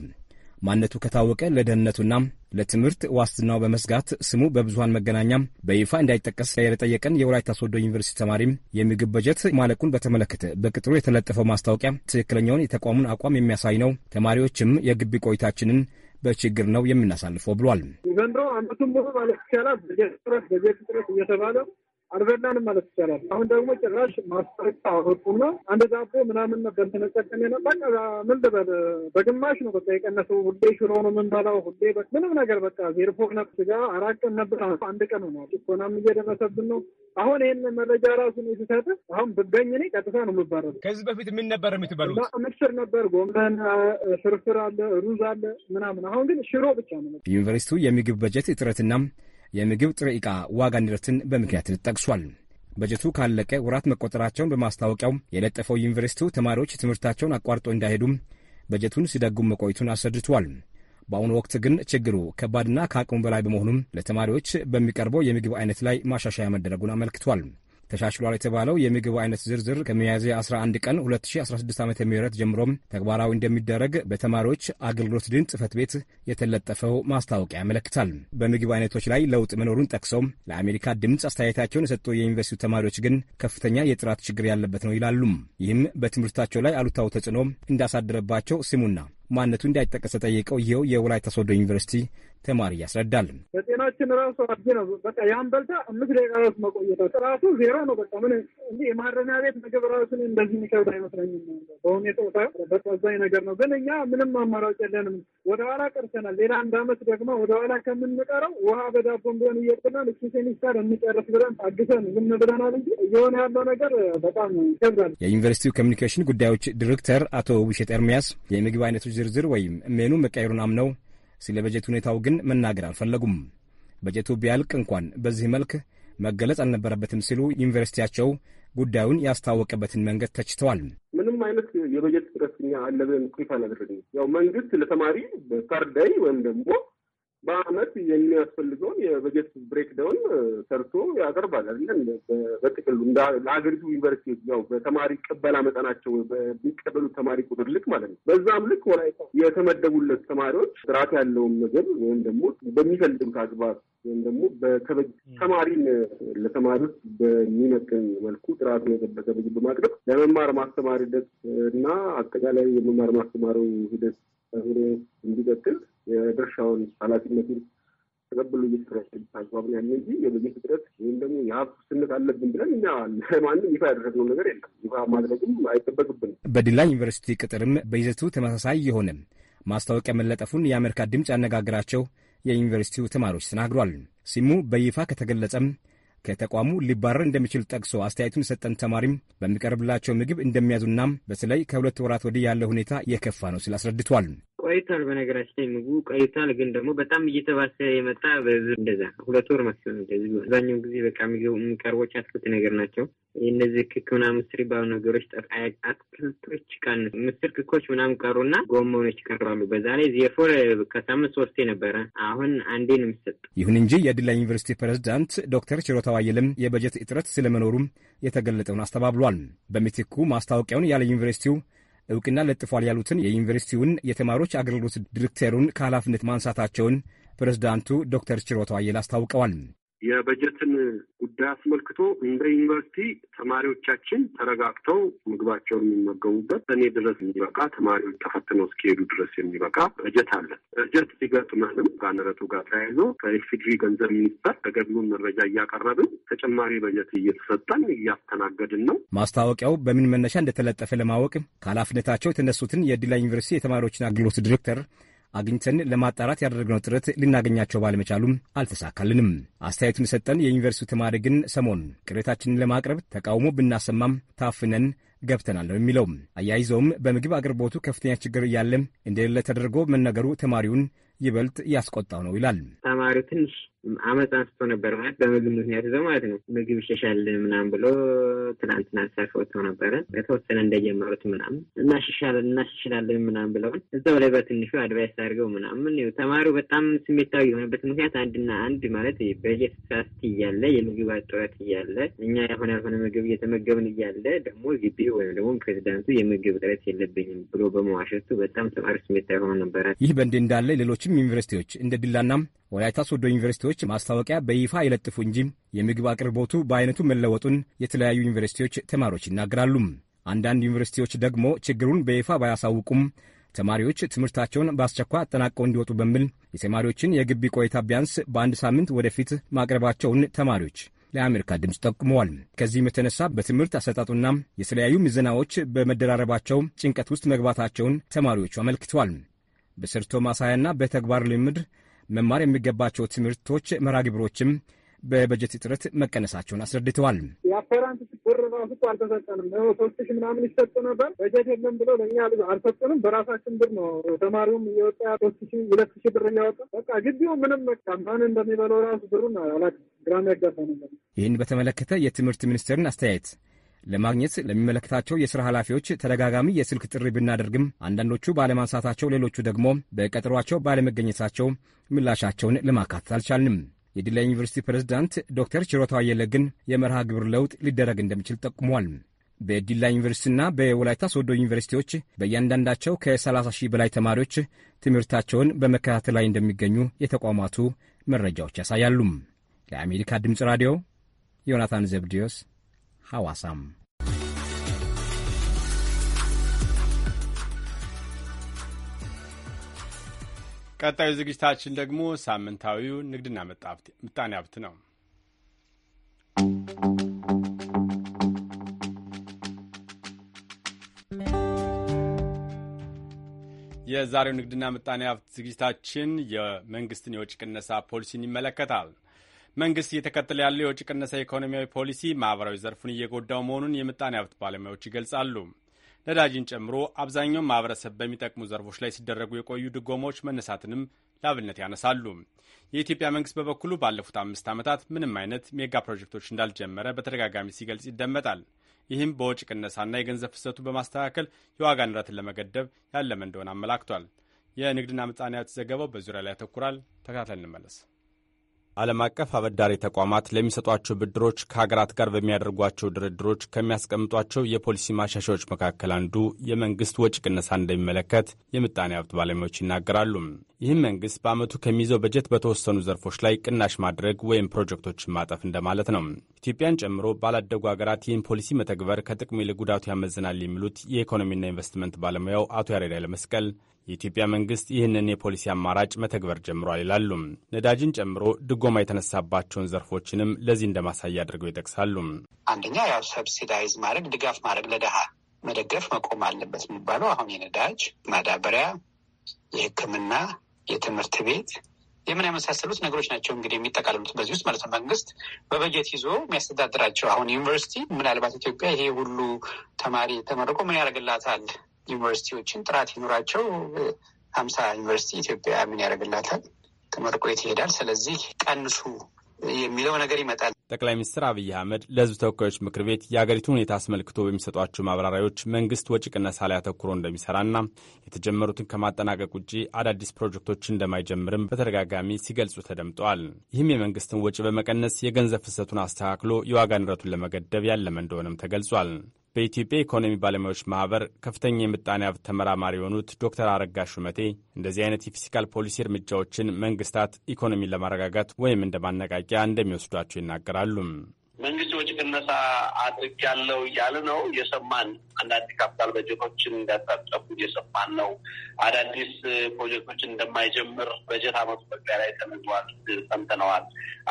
ማንነቱ ከታወቀ ለደህንነቱና ለትምህርት ዋስትናው በመስጋት ስሙ በብዙሀን መገናኛ በይፋ እንዳይጠቀስ የጠየቀን የወላይታ ሶዶ ዩኒቨርሲቲ ተማሪም የምግብ በጀት ማለቁን በተመለከተ በቅጥሩ የተለጠፈው ማስታወቂያ ትክክለኛውን የተቋሙን አቋም የሚያሳይ ነው። ተማሪዎችም የግቢ ቆይታችንን በችግር ነው የምናሳልፈው ብሏል። ዘንድሮ አመቱን ሙሉ ማለት ይቻላል በጀት ጥረት በጀት ጥረት እየተባለ አልበላንም ማለት ይቻላል። አሁን ደግሞ ጭራሽ ማስጠረጫ አወጡና አንድ ዳቦ ምናምን ነበር ተነጠቀም የነበ ምን ልበል በግማሽ ነው በቃ የቀነሰው። ሁሌ ሽሮ ነው የምንበላው፣ ሁሌ ምንም ነገር በቃ ዜርፎ ነ ስጋ አራት ቀን ነበር አንድ ቀን ሆኗል። ጭቆናም እየደረሰብን ነው። አሁን ይህን መረጃ ራሱ ነው የተሰጠ። አሁን ብገኝ እኔ ቀጥታ ነው የምባረሩ። ከዚህ በፊት ምን ነበር የምትበሉት? ምስር ነበር፣ ጎመን፣ ፍርፍር አለ፣ ሩዝ አለ ምናምን። አሁን ግን ሽሮ ብቻ ነው። ዩኒቨርሲቲው የምግብ በጀት እጥረትና የምግብ ጥሬ ዕቃ ዋጋ ንረትን በምክንያት ጠቅሷል። በጀቱ ካለቀ ወራት መቆጠራቸውን በማስታወቂያው የለጠፈው ዩኒቨርሲቲው ተማሪዎች ትምህርታቸውን አቋርጦ እንዳይሄዱም በጀቱን ሲደጉም መቆይቱን አስረድቷል። በአሁኑ ወቅት ግን ችግሩ ከባድና ከአቅሙ በላይ በመሆኑም ለተማሪዎች በሚቀርበው የምግብ አይነት ላይ ማሻሻያ መደረጉን አመልክቷል። ተሻሽሏል የተባለው የምግብ አይነት ዝርዝር ከሚያዝያ 11 ቀን 2016 ዓ ም ጀምሮም ተግባራዊ እንደሚደረግ በተማሪዎች አገልግሎት ድን ጽህፈት ቤት የተለጠፈው ማስታወቂያ ያመለክታል። በምግብ አይነቶች ላይ ለውጥ መኖሩን ጠቅሰው ለአሜሪካ ድምፅ አስተያየታቸውን የሰጡ የዩኒቨርሲቲ ተማሪዎች ግን ከፍተኛ የጥራት ችግር ያለበት ነው ይላሉም። ይህም በትምህርታቸው ላይ አሉታው ተጽዕኖ እንዳሳደረባቸው ስሙና ማንነቱ እንዳይጠቀስ ተጠየቀው ይኸው የወላይታ ሶዶ ዩኒቨርሲቲ ተማሪ ያስረዳል። በጤናችን ራሱ አጅ ነው። በቃ ያን በልታ አምስት ደቂቃ ራሱ መቆየት ራሱ ዜሮ ነው። በቃ ምን እንዲ የማረሚያ ቤት ምግብ ራሱን እንደዚህ የሚከብድ አይመስለኝም። በሁኔታው በቃ እዛኝ ነገር ነው። ግን እኛ ምንም አማራጭ የለንም። ወደኋላ ቀርተናል። ሌላ አንድ አመት ደግሞ ወደኋላ ከምንቀረው ውሃ በዳቦን ቢሆን እየቅናል እሱ ሴሚስተር እንጨርስ ብለን አግሰን ዝም ብለናል እንጂ እየሆነ ያለው ነገር በጣም ይከብዳል። የዩኒቨርሲቲው ኮሚኒኬሽን ጉዳዮች ዲሬክተር አቶ ውብሸት ኤርሚያስ የምግብ አይነቶች ዝርዝር ወይም ሜኑ መቀየሩን አምነው ስለ በጀት ሁኔታው ግን መናገር አልፈለጉም። በጀቱ ቢያልቅ እንኳን በዚህ መልክ መገለጽ አልነበረበትም ሲሉ ዩኒቨርሲቲያቸው ጉዳዩን ያስታወቀበትን መንገድ ተችተዋል። ምንም አይነት የበጀት ጥረት እኛ አለ ያው መንግስት ለተማሪ በፐርዳይ ወይም ደግሞ በአመት የሚያስፈልገውን የበጀት ብሬክዳውን ሰርቶ ያቀርባል አይደለም። በጥቅሉ ለሀገሪቱ ዩኒቨርሲቲዎች ያው በተማሪ ቅበላ መጠናቸው በሚቀበሉት ተማሪ ቁጥር ልክ ማለት ነው። በዛም ልክ ወላይታ የተመደቡለት ተማሪዎች ስርዓት ያለውን ምግብ ወይም ደግሞ በሚፈልጉት አግባብ ወይም ደግሞ ተማሪን ለተማሪዎች በሚመጥን መልኩ ጥራቱ የጠበቀ ምግብ በማቅረብ ለመማር ማስተማር ሂደት እና አጠቃላይ የመማር ማስተማሩ ሂደት እንዲቀጥል የድርሻውን ኃላፊነቱን ተቀብሎ እየሰራ አግባብ ነው ያለ እንጂ የበጀት እጥረት ወይም ደግሞ የሀብት ውስንነት አለብን ብለን እኛ ማንም ይፋ ያደረግነው ነገር የለም። ይፋ ማድረግም አይጠበቅብንም። በዲላ ዩኒቨርሲቲ ቅጥርም በይዘቱ ተመሳሳይ የሆነ ማስታወቂያ መለጠፉን የአሜሪካ ድምፅ ያነጋግራቸው የዩኒቨርሲቲው ተማሪዎች ተናግሯል። ሲሙ በይፋ ከተገለጸም ከተቋሙ ሊባረር እንደሚችል ጠቅሶ አስተያየቱን የሰጠን ተማሪም በሚቀርብላቸው ምግብ እንደሚያዙና በተለይ ከሁለት ወራት ወዲህ ያለው ሁኔታ የከፋ ነው ሲል አስረድቷል። ቆይቷል። በነገራችን ላይ ምግቡ ቆይቷል፣ ግን ደግሞ በጣም እየተባሰ የመጣ በዚህ እንደዛ ሁለት ወር መስሎ እንደዚህ አብዛኛውን ጊዜ በቃ ምግብ የሚቀርቦች አትክልት ነገር ናቸው። እነዚህ ክክ ምናምን ምስር ባሉ ነገሮች ጠፋ። አትክልቶች ቀንሱ፣ ምስር ክኮች ምናምን ቀሩና ጎመኖች ይቀራሉ። በዛ ላይ ዜፎር ከሳምንት ሶስቴ ነበረ፣ አሁን አንዴ ነው የሚሰጥ። ይሁን እንጂ የዲላ ዩኒቨርሲቲ ፕሬዚዳንት ዶክተር ችሮታ ዋየልም የበጀት እጥረት ስለመኖሩም የተገለጠውን አስተባብሏል። በምትኩ ማስታወቂያውን ያለ ዩኒቨርሲቲው እውቅና ለጥፏል ያሉትን የዩኒቨርሲቲውን የተማሪዎች አገልግሎት ዲሬክተሩን ከኃላፊነት ማንሳታቸውን ፕሬዝዳንቱ ዶክተር ችሮቶ አየል አስታውቀዋል። የበጀትን ጉዳይ አስመልክቶ እንደ ዩኒቨርሲቲ ተማሪዎቻችን ተረጋግተው ምግባቸውን የሚመገቡበት እኔ ድረስ የሚበቃ ተማሪዎች ተፈትነው እስኪሄዱ ድረስ የሚበቃ በጀት አለ። በጀት ሲገጥመንም ከንረቱ ጋር ተያይዞ ከኢፌዴሪ ገንዘብ ሚኒስቴር ተገቢውን መረጃ እያቀረብን ተጨማሪ በጀት እየተሰጠን እያስተናገድን ነው። ማስታወቂያው በምን መነሻ እንደተለጠፈ ለማወቅ ከኃላፊነታቸው የተነሱትን የዲላ ዩኒቨርሲቲ የተማሪዎችን አገልግሎት ዲሬክተር አግኝተን ለማጣራት ያደረግነው ጥረት ልናገኛቸው ባለመቻሉም አልተሳካልንም። አስተያየቱን የሰጠን የዩኒቨርሲቲው ተማሪ ግን ሰሞን ቅሬታችንን ለማቅረብ ተቃውሞ ብናሰማም ታፍነን ገብተናል ነው የሚለው። አያይዘውም በምግብ አቅርቦቱ ከፍተኛ ችግር እያለ እንደሌለ ተደርጎ መነገሩ ተማሪውን ይበልጥ ያስቆጣው ነው ይላል። ተማሪው ትንሽ አመፅ አንስቶ ነበር ማለት በምግብ ምክንያት ይዘው ማለት ነው። ምግብ ይሸሻል ምናም ብሎ ትናንትና ሰልፍ ወጥተው ነበረ። በተወሰነ እንደጀመሩት ምናምን እናሽሽላለን ምናም ብለውን እዛው ላይ በትንሹ አድቫይስ አድርገው ምናምን ተማሪው በጣም ስሜታዊ የሆነበት ምክንያት አንድና አንድ ማለት በጀት ሳስቲ እያለ የምግብ አጥረት እያለ እኛ የሆነ ያልሆነ ምግብ እየተመገብን እያለ ደግሞ ግቢ ወይም ደግሞ ፕሬዚዳንቱ የምግብ እጥረት የለብኝም ብሎ በመዋሸቱ በጣም ተማሪ ስሜታዊ ሆኖ ነበረ። ይህ በእንዲህ እንዳለ ሌሎችም ዩኒቨርሲቲዎች እንደ ዲላናም ወላይታ ሶዶ ዩኒቨርሲቲ ዩኒቨርሲቲዎች ማስታወቂያ በይፋ ይለጥፉ እንጂ የምግብ አቅርቦቱ በአይነቱ መለወጡን የተለያዩ ዩኒቨርሲቲዎች ተማሪዎች ይናገራሉ። አንዳንድ ዩኒቨርሲቲዎች ደግሞ ችግሩን በይፋ ባያሳውቁም ተማሪዎች ትምህርታቸውን በአስቸኳይ አጠናቀው እንዲወጡ በሚል የተማሪዎችን የግቢ ቆይታ ቢያንስ በአንድ ሳምንት ወደፊት ማቅረባቸውን ተማሪዎች ለአሜሪካ ድምፅ ጠቁመዋል። ከዚህም የተነሳ በትምህርት አሰጣጡና የተለያዩ ምዘናዎች በመደራረባቸው ጭንቀት ውስጥ መግባታቸውን ተማሪዎቹ አመልክተዋል። በሰርቶ ማሳያና በተግባር ልምድ መማር የሚገባቸው ትምህርቶች መራግብሮችም በበጀት እጥረት መቀነሳቸውን አስረድተዋል። የአፈራንስ ብር ራሱ እኮ አልተሰጠንም። ሶስት ሺህ ምናምን ይሰጡ ነበር። በጀት የለም ብሎ ለእኛ አልሰጡንም። በራሳችን ብር ነው ተማሪውም እየወጣ ሶስት ሺህ ሁለት ሺህ ብር እያወጣ በቃ ግቢው ምንም በቃ ማን እንደሚበለው ራሱ ብሩን አላ ግራም የሚያጋባ ነበር። ይህን በተመለከተ የትምህርት ሚኒስቴርን አስተያየት ለማግኘት ለሚመለከታቸው የሥራ ኃላፊዎች ተደጋጋሚ የስልክ ጥሪ ብናደርግም አንዳንዶቹ ባለማንሳታቸው፣ ሌሎቹ ደግሞ በቀጠሯቸው ባለመገኘታቸው ምላሻቸውን ለማካተት አልቻልንም። የዲላ ዩኒቨርሲቲ ፕሬዝዳንት ዶክተር ችሮታ አየለ ግን የመርሃ ግብር ለውጥ ሊደረግ እንደሚችል ጠቁሟል። በዲላ ዩኒቨርሲቲና በወላይታ ሶዶ ዩኒቨርሲቲዎች በእያንዳንዳቸው ከ30 ሺህ በላይ ተማሪዎች ትምህርታቸውን በመከታተል ላይ እንደሚገኙ የተቋማቱ መረጃዎች ያሳያሉ። ለአሜሪካ ድምፅ ራዲዮ ዮናታን ዘብዲዮስ ሐዋሳም ቀጣዩ ዝግጅታችን ደግሞ ሳምንታዊው ንግድና ምጣኔ ሀብት ነው። የዛሬው ንግድና ምጣኔ ሀብት ዝግጅታችን የመንግስትን የውጭ ቅነሳ ፖሊሲን ይመለከታል። መንግስት እየተከተለ ያለው የውጭ ቅነሳ ኢኮኖሚያዊ ፖሊሲ ማኅበራዊ ዘርፉን እየጎዳው መሆኑን የምጣኔ ሀብት ባለሙያዎች ይገልጻሉ። ነዳጅን ጨምሮ አብዛኛው ማህበረሰብ በሚጠቅሙ ዘርፎች ላይ ሲደረጉ የቆዩ ድጎማዎች መነሳትንም ለአብነት ያነሳሉ። የኢትዮጵያ መንግስት በበኩሉ ባለፉት አምስት ዓመታት ምንም አይነት ሜጋ ፕሮጀክቶች እንዳልጀመረ በተደጋጋሚ ሲገልጽ ይደመጣል። ይህም በውጭ ቅነሳና የገንዘብ ፍሰቱን በማስተካከል የዋጋ ንረትን ለመገደብ ያለመ እንደሆነ አመላክቷል። የንግድና ምጣኔ ሀብት ዘገባው በዙሪያ ላይ ያተኩራል። ተከታተል እንመለስ። ዓለም አቀፍ አበዳሪ ተቋማት ለሚሰጧቸው ብድሮች ከሀገራት ጋር በሚያደርጓቸው ድርድሮች ከሚያስቀምጧቸው የፖሊሲ ማሻሻዎች መካከል አንዱ የመንግስት ወጪ ቅነሳ እንደሚመለከት የምጣኔ ሀብት ባለሙያዎች ይናገራሉ። ይህም መንግስት በዓመቱ ከሚይዘው በጀት በተወሰኑ ዘርፎች ላይ ቅናሽ ማድረግ ወይም ፕሮጀክቶችን ማጠፍ እንደማለት ነው። ኢትዮጵያን ጨምሮ ባላደጉ ሀገራት ይህን ፖሊሲ መተግበር ከጥቅሙ ይልቅ ጉዳቱ ያመዝናል የሚሉት የኢኮኖሚና ኢንቨስትመንት ባለሙያው አቶ ያሬድ ለመስቀል የኢትዮጵያ መንግስት ይህንን የፖሊሲ አማራጭ መተግበር ጀምሯል ይላሉ። ነዳጅን ጨምሮ ድጎማ የተነሳባቸውን ዘርፎችንም ለዚህ እንደማሳያ አድርገው ይጠቅሳሉ። አንደኛ ያው ሰብሲዳይዝ ማድረግ ድጋፍ ማድረግ ለድሃ መደገፍ መቆም አለበት የሚባለው አሁን የነዳጅ ማዳበሪያ፣ የሕክምና፣ የትምህርት ቤት የምን የመሳሰሉት ነገሮች ናቸው እንግዲህ የሚጠቃልሉት በዚህ ውስጥ ማለት ነው። መንግስት በበጀት ይዞ የሚያስተዳድራቸው አሁን ዩኒቨርሲቲ ምናልባት ኢትዮጵያ ይሄ ሁሉ ተማሪ ተመርቆ ምን ያደርግላታል ዩኒቨርሲቲዎችን ጥራት ይኖራቸው ሀምሳ ዩኒቨርሲቲ ኢትዮጵያ ምን ያደርግላታል? ተመርቆ የት ይሄዳል? ስለዚህ ቀንሱ የሚለው ነገር ይመጣል። ጠቅላይ ሚኒስትር አብይ አህመድ ለህዝብ ተወካዮች ምክር ቤት የአገሪቱን ሁኔታ አስመልክቶ በሚሰጧቸው ማብራሪያዎች መንግስት ወጪ ቅነሳ ላይ አተኩሮ እንደሚሰራና የተጀመሩትን ከማጠናቀቅ ውጪ አዳዲስ ፕሮጀክቶች እንደማይጀምርም በተደጋጋሚ ሲገልጹ ተደምጠዋል። ይህም የመንግስትን ወጪ በመቀነስ የገንዘብ ፍሰቱን አስተካክሎ የዋጋ ንረቱን ለመገደብ ያለመ እንደሆነም ተገልጿል። በኢትዮጵያ ኢኮኖሚ ባለሙያዎች ማህበር ከፍተኛ የምጣኔ ሀብት ተመራማሪ የሆኑት ዶክተር አረጋ ሹመቴ እንደዚህ አይነት የፊስካል ፖሊሲ እርምጃዎችን መንግስታት ኢኮኖሚን ለማረጋጋት ወይም እንደ ማነቃቂያ እንደሚወስዷቸው ይናገራሉ። መንግስት ወጪ ቅነሳ አድርግ ያለው እያለ ነው እየሰማን፣ አንዳንድ ካፒታል በጀቶችን እንዳታጠፉ እየሰማን ነው። አዳዲስ ፕሮጀክቶችን እንደማይጀምር በጀት አመቱ መግቢያ ላይ ተነግሯል፣ ሰምተነዋል።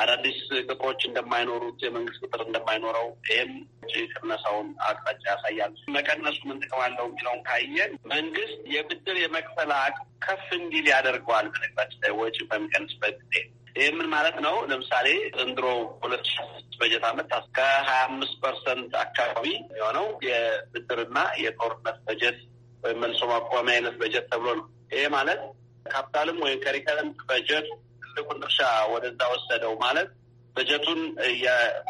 አዳዲስ ቅጥሮች እንደማይኖሩት የመንግስት ቅጥር እንደማይኖረው ይህም ወጪ ቅነሳውን አቅጣጫ ያሳያል። መቀነሱ ምን ጥቅም አለው የሚለውን ካየን መንግስት የብድር የመክፈል አቅም ከፍ እንዲል ያደርገዋል። በነገራችን ላይ ወጪ በሚቀንስበት ጊዜ ይህ ምን ማለት ነው? ለምሳሌ እንድሮ ሁለት ሺ አምስት በጀት ዓመት ከሀያ አምስት ፐርሰንት አካባቢ የሆነው የብድርና የጦርነት በጀት ወይም መልሶ ማቋቋሚያ አይነት በጀት ተብሎ ነው። ይሄ ማለት ካፒታልም ወይም ከሪከረንት በጀት ትልቁን ድርሻ ወደዛ ወሰደው ማለት በጀቱን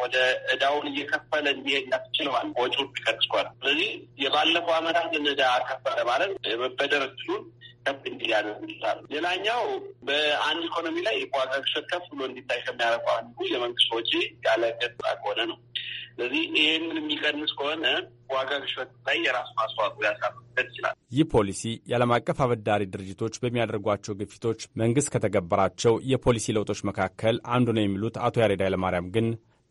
ወደ እዳውን እየከፈለ እንዲሄድ ያስችለዋል። ወጪ ይቀንስኳል። ስለዚህ የባለፈው ዓመታት እዳ ከፈለ ማለት የመበደር እድሉን ከፍ እንዲያሉ ይችላሉ። ሌላኛው በአንድ ኢኮኖሚ ላይ ዋጋ ግሽበት ከፍ ብሎ እንዲታይ ከሚያደርጉ አንዱ የመንግስት ወጪ ያለ ገጽታ ከሆነ ነው። ስለዚህ ይህንን የሚቀንስ ከሆነ ዋጋ ግሽበት ላይ የራሱ አስተዋጽኦ ያሳበት ይችላል። ይህ ፖሊሲ የዓለም አቀፍ አበዳሪ ድርጅቶች በሚያደርጓቸው ግፊቶች መንግስት ከተገበራቸው የፖሊሲ ለውጦች መካከል አንዱ ነው የሚሉት አቶ ያሬድ ኃይለማርያም ግን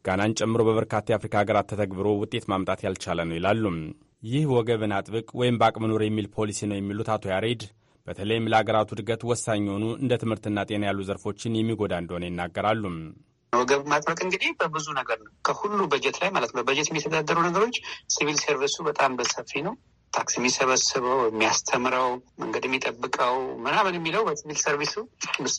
ጋናን ጨምሮ በበርካታ የአፍሪካ ሀገራት ተተግብሮ ውጤት ማምጣት ያልቻለ ነው ይላሉ። ይህ ወገብን አጥብቅ ወይም በአቅም ኑር የሚል ፖሊሲ ነው የሚሉት አቶ ያሬድ በተለይም ለሀገራቱ እድገት ወሳኝ የሆኑ እንደ ትምህርትና ጤና ያሉ ዘርፎችን የሚጎዳ እንደሆነ ይናገራሉ። ወገብ ማጥበቅ እንግዲህ በብዙ ነገር ነው። ከሁሉ በጀት ላይ ማለት ነው። በጀት የሚተዳደሩ ነገሮች ሲቪል ሰርቪሱ በጣም በሰፊ ነው። ታክስ የሚሰበስበው፣ የሚያስተምረው፣ መንገድ የሚጠብቀው ምናምን የሚለው በሲቪል ሰርቪሱ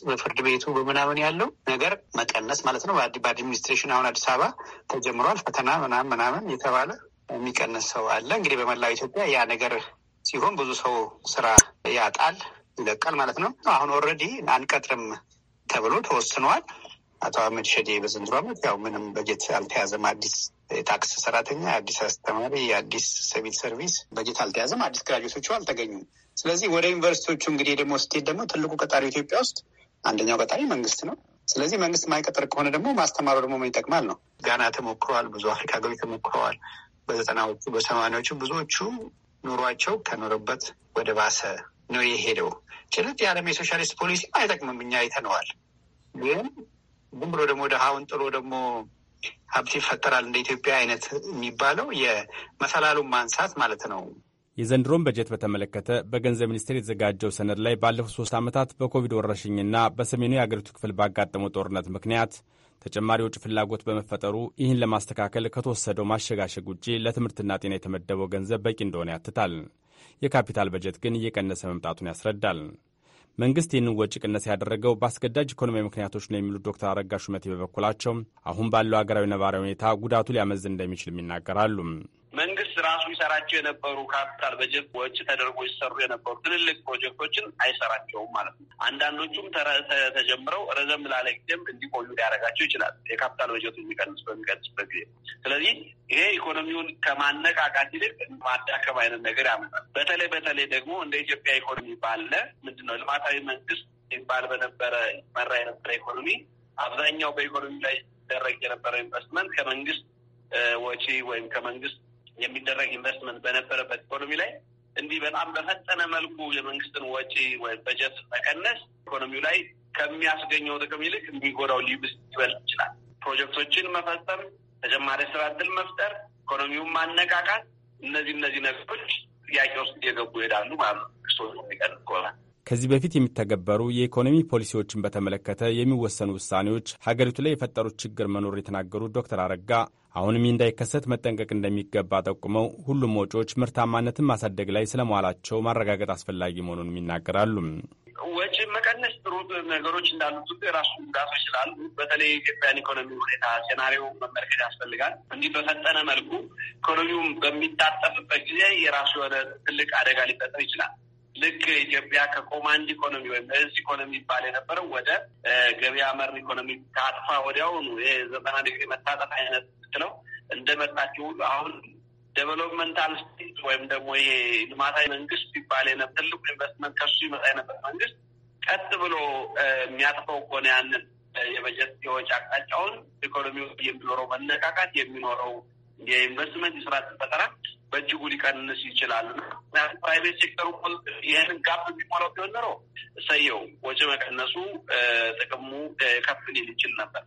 በፍርድ ቤቱ በምናምን ያለው ነገር መቀነስ ማለት ነው። በአድሚኒስትሬሽን አሁን አዲስ አበባ ተጀምሯል ፈተና ምናምን ምናምን የተባለ የሚቀነስ ሰው አለ። እንግዲህ በመላው ኢትዮጵያ ያ ነገር ሲሆን ብዙ ሰው ስራ ያጣል፣ ይለቃል ማለት ነው። አሁን ኦልሬዲ አንቀጥርም ተብሎ ተወስኗል። አቶ አህመድ ሸዴ በዘንድሮ ዓመት ያው ምንም በጀት አልተያዘም። አዲስ የታክስ ሰራተኛ፣ አዲስ አስተማሪ፣ የአዲስ ሲቪል ሰርቪስ በጀት አልተያዘም። አዲስ ግራጁዌቶቹ አልተገኙም። ስለዚህ ወደ ዩኒቨርሲቲዎቹ እንግዲህ ደግሞ ስትሄድ ደግሞ ትልቁ ቀጣሪ ኢትዮጵያ ውስጥ አንደኛው ቀጣሪ መንግስት ነው። ስለዚህ መንግስት ማይቀጥር ከሆነ ደግሞ ማስተማሩ ደግሞ ምን ይጠቅማል ነው። ጋና ተሞክረዋል። ብዙ አፍሪካ ሀገሮች ተሞክረዋል። በዘጠናዎቹ በሰማኒያዎቹ ብዙዎቹ ኑሯቸው ከኖሩበት ወደ ባሰ ነው የሄደው። ጭልጥ የዓለም የሶሻሊስት ፖሊሲ አይጠቅምም፣ እኛ አይተነዋል። ግን ዝም ብሎ ደግሞ ድሃውን ጥሎ ደግሞ ሀብት ይፈጠራል እንደ ኢትዮጵያ አይነት የሚባለው የመሰላሉን ማንሳት ማለት ነው። የዘንድሮን በጀት በተመለከተ በገንዘብ ሚኒስቴር የተዘጋጀው ሰነድ ላይ ባለፉት ሶስት ዓመታት በኮቪድ ወረርሽኝና በሰሜኑ የአገሪቱ ክፍል ባጋጠመው ጦርነት ምክንያት ተጨማሪ ውጭ ፍላጎት በመፈጠሩ ይህን ለማስተካከል ከተወሰደው ማሸጋሸግ ውጪ ለትምህርትና ጤና የተመደበው ገንዘብ በቂ እንደሆነ ያትታል። የካፒታል በጀት ግን እየቀነሰ መምጣቱን ያስረዳል። መንግስት ይህንን ወጪ ቅነሳ ያደረገው በአስገዳጅ ኢኮኖሚያዊ ምክንያቶች ነው የሚሉት ዶክተር አረጋ ሹመቴ በበኩላቸው አሁን ባለው አገራዊ ነባራዊ ሁኔታ ጉዳቱ ሊያመዝን እንደሚችልም ይናገራሉ። ራሱ ይሰራቸው የነበሩ ካፒታል በጀት ወጪ ተደርጎ ይሰሩ የነበሩ ትልልቅ ፕሮጀክቶችን አይሰራቸውም ማለት ነው። አንዳንዶቹም ተጀምረው ረዘም ላለ ጊዜም እንዲቆዩ ሊያደርጋቸው ይችላል የካፒታል በጀቱ የሚቀንስ በሚቀንስበት ጊዜ። ስለዚህ ይሄ ኢኮኖሚውን ከማነቃቃት ይልቅ ማዳከም አይነት ነገር ያመጣል። በተለይ በተለይ ደግሞ እንደ ኢትዮጵያ ኢኮኖሚ ባለ ምንድን ነው ልማታዊ መንግስት ይባል በነበረ መራ የነበረ ኢኮኖሚ አብዛኛው በኢኮኖሚ ላይ ደረግ የነበረው ኢንቨስትመንት ከመንግስት ወጪ ወይም ከመንግስት የሚደረግ ኢንቨስትመንት በነበረበት ኢኮኖሚ ላይ እንዲህ በጣም በፈጠነ መልኩ የመንግስትን ወጪ ወይም በጀት መቀነስ ኢኮኖሚው ላይ ከሚያስገኘው ጥቅም ይልቅ የሚጎዳው ሊብስ ይበል ይችላል። ፕሮጀክቶችን መፈጸም፣ ተጨማሪ ስራ እድል መፍጠር፣ ኢኮኖሚውን ማነቃቃት፣ እነዚህ እነዚህ ነገሮች ጥያቄ ውስጥ እየገቡ ይሄዳሉ ማለት ነው። ከዚህ በፊት የሚተገበሩ የኢኮኖሚ ፖሊሲዎችን በተመለከተ የሚወሰኑ ውሳኔዎች ሀገሪቱ ላይ የፈጠሩት ችግር መኖር የተናገሩት ዶክተር አረጋ አሁንም እንዳይከሰት መጠንቀቅ እንደሚገባ ጠቁመው ሁሉም ወጪዎች ምርታማነትን ማሳደግ ላይ ስለመዋላቸው ማረጋገጥ አስፈላጊ መሆኑንም ይናገራሉ። ወጪ መቀነስ ጥሩ ነገሮች እንዳሉት ሁሉ የራሱ ጉዳቶች ስላሉ በተለይ የኢትዮጵያን ኢኮኖሚ ሁኔታ ሴናሪዮ መመልከት ያስፈልጋል። እንዲህ በፈጠነ መልኩ ኢኮኖሚውም በሚታጠፍበት ጊዜ የራሱ የሆነ ትልቅ አደጋ ሊፈጠር ይችላል። ልክ ኢትዮጵያ ከኮማንድ ኢኮኖሚ ወይም እዝ ኢኮኖሚ ይባል የነበረው ወደ ገበያ መር ኢኮኖሚ ታጥፋ ወዲያውኑ የዘጠና ዲግሪ መታጠፍ አይነት ስትለው እንደመጣችው ሁሉ አሁን ዴቨሎፕመንታል ስቴት ወይም ደግሞ ይሄ ልማታዊ መንግስት ይባል የነበረ ትልቁ ኢንቨስትመንት ከሱ ይመጣ የነበረ መንግስት ቀጥ ብሎ የሚያጥፈው ከሆነ ያንን የበጀት የወጪ አቅጣጫውን ኢኮኖሚ የሚኖረው መነቃቃት የሚኖረው የኢንቨስትመንት የስራ ፈጠራ በእጅጉ ሊቀንስ ይችላል። ፕራይቬት ሴክተሩ ይህንን ጋፕ የሚሞላው ቢሆን ኖሮ እሰየው፣ ወጪ መቀነሱ ጥቅሙ ከፍ ሊል ይችል ነበር።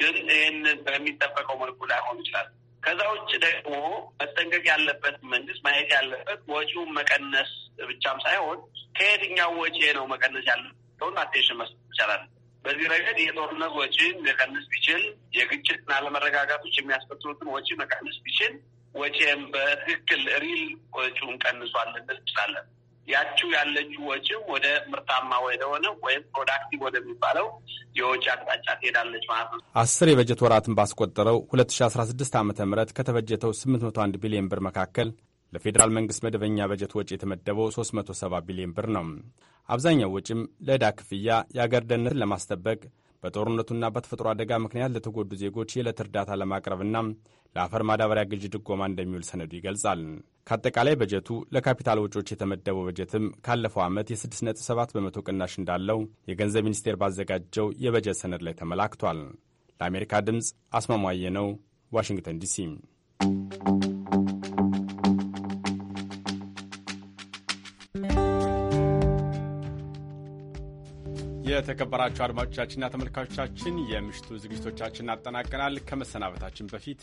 ግን ይህን በሚጠበቀው መልኩ ላይሆን ይችላል። ከዛ ውጭ ደግሞ መጠንቀቅ ያለበት መንግስት ማየት ያለበት ወጪውን መቀነስ ብቻም ሳይሆን ከየትኛው ወጪ ነው መቀነስ ያለበትን አቴንሽን መስጠት ይቻላል። በዚህ ረገድ የጦርነት ወጪን መቀነስ ቢችል፣ የግጭትና አለመረጋጋቶች የሚያስከትሉትን ወጪ መቀነስ ቢችል ወጪም በትክክል ሪል ወጪውን ቀንሷል እንችላለን። ያችው ያለችው ወጪ ወደ ምርታማ ወደሆነ ወይም ፕሮዳክቲቭ ወደሚባለው የወጪ አቅጣጫ ትሄዳለች ማለት ነው። አስር የበጀት ወራትን ባስቆጠረው 2016 ዓ ም ከተበጀተው 801 ቢሊዮን ብር መካከል ለፌዴራል መንግሥት መደበኛ በጀት ወጪ የተመደበው 370 ቢሊዮን ብር ነው። አብዛኛው ወጪም ለዕዳ ክፍያ፣ የአገር ደህንነትን ለማስጠበቅ፣ በጦርነቱና በተፈጥሮ አደጋ ምክንያት ለተጎዱ ዜጎች የዕለት እርዳታ ለማቅረብና ለአፈር ማዳበሪያ ግዥ ድጎማ እንደሚውል ሰነዱ ይገልጻል። ከአጠቃላይ በጀቱ ለካፒታል ወጪዎች የተመደበው በጀትም ካለፈው ዓመት የ6.7 በመቶ ቅናሽ እንዳለው የገንዘብ ሚኒስቴር ባዘጋጀው የበጀት ሰነድ ላይ ተመላክቷል። ለአሜሪካ ድምፅ አስማማየ ነው፣ ዋሽንግተን ዲሲ። የተከበራችሁ አድማጮቻችንና ተመልካቾቻችን የምሽቱ ዝግጅቶቻችን አጠናቀናል። ከመሰናበታችን በፊት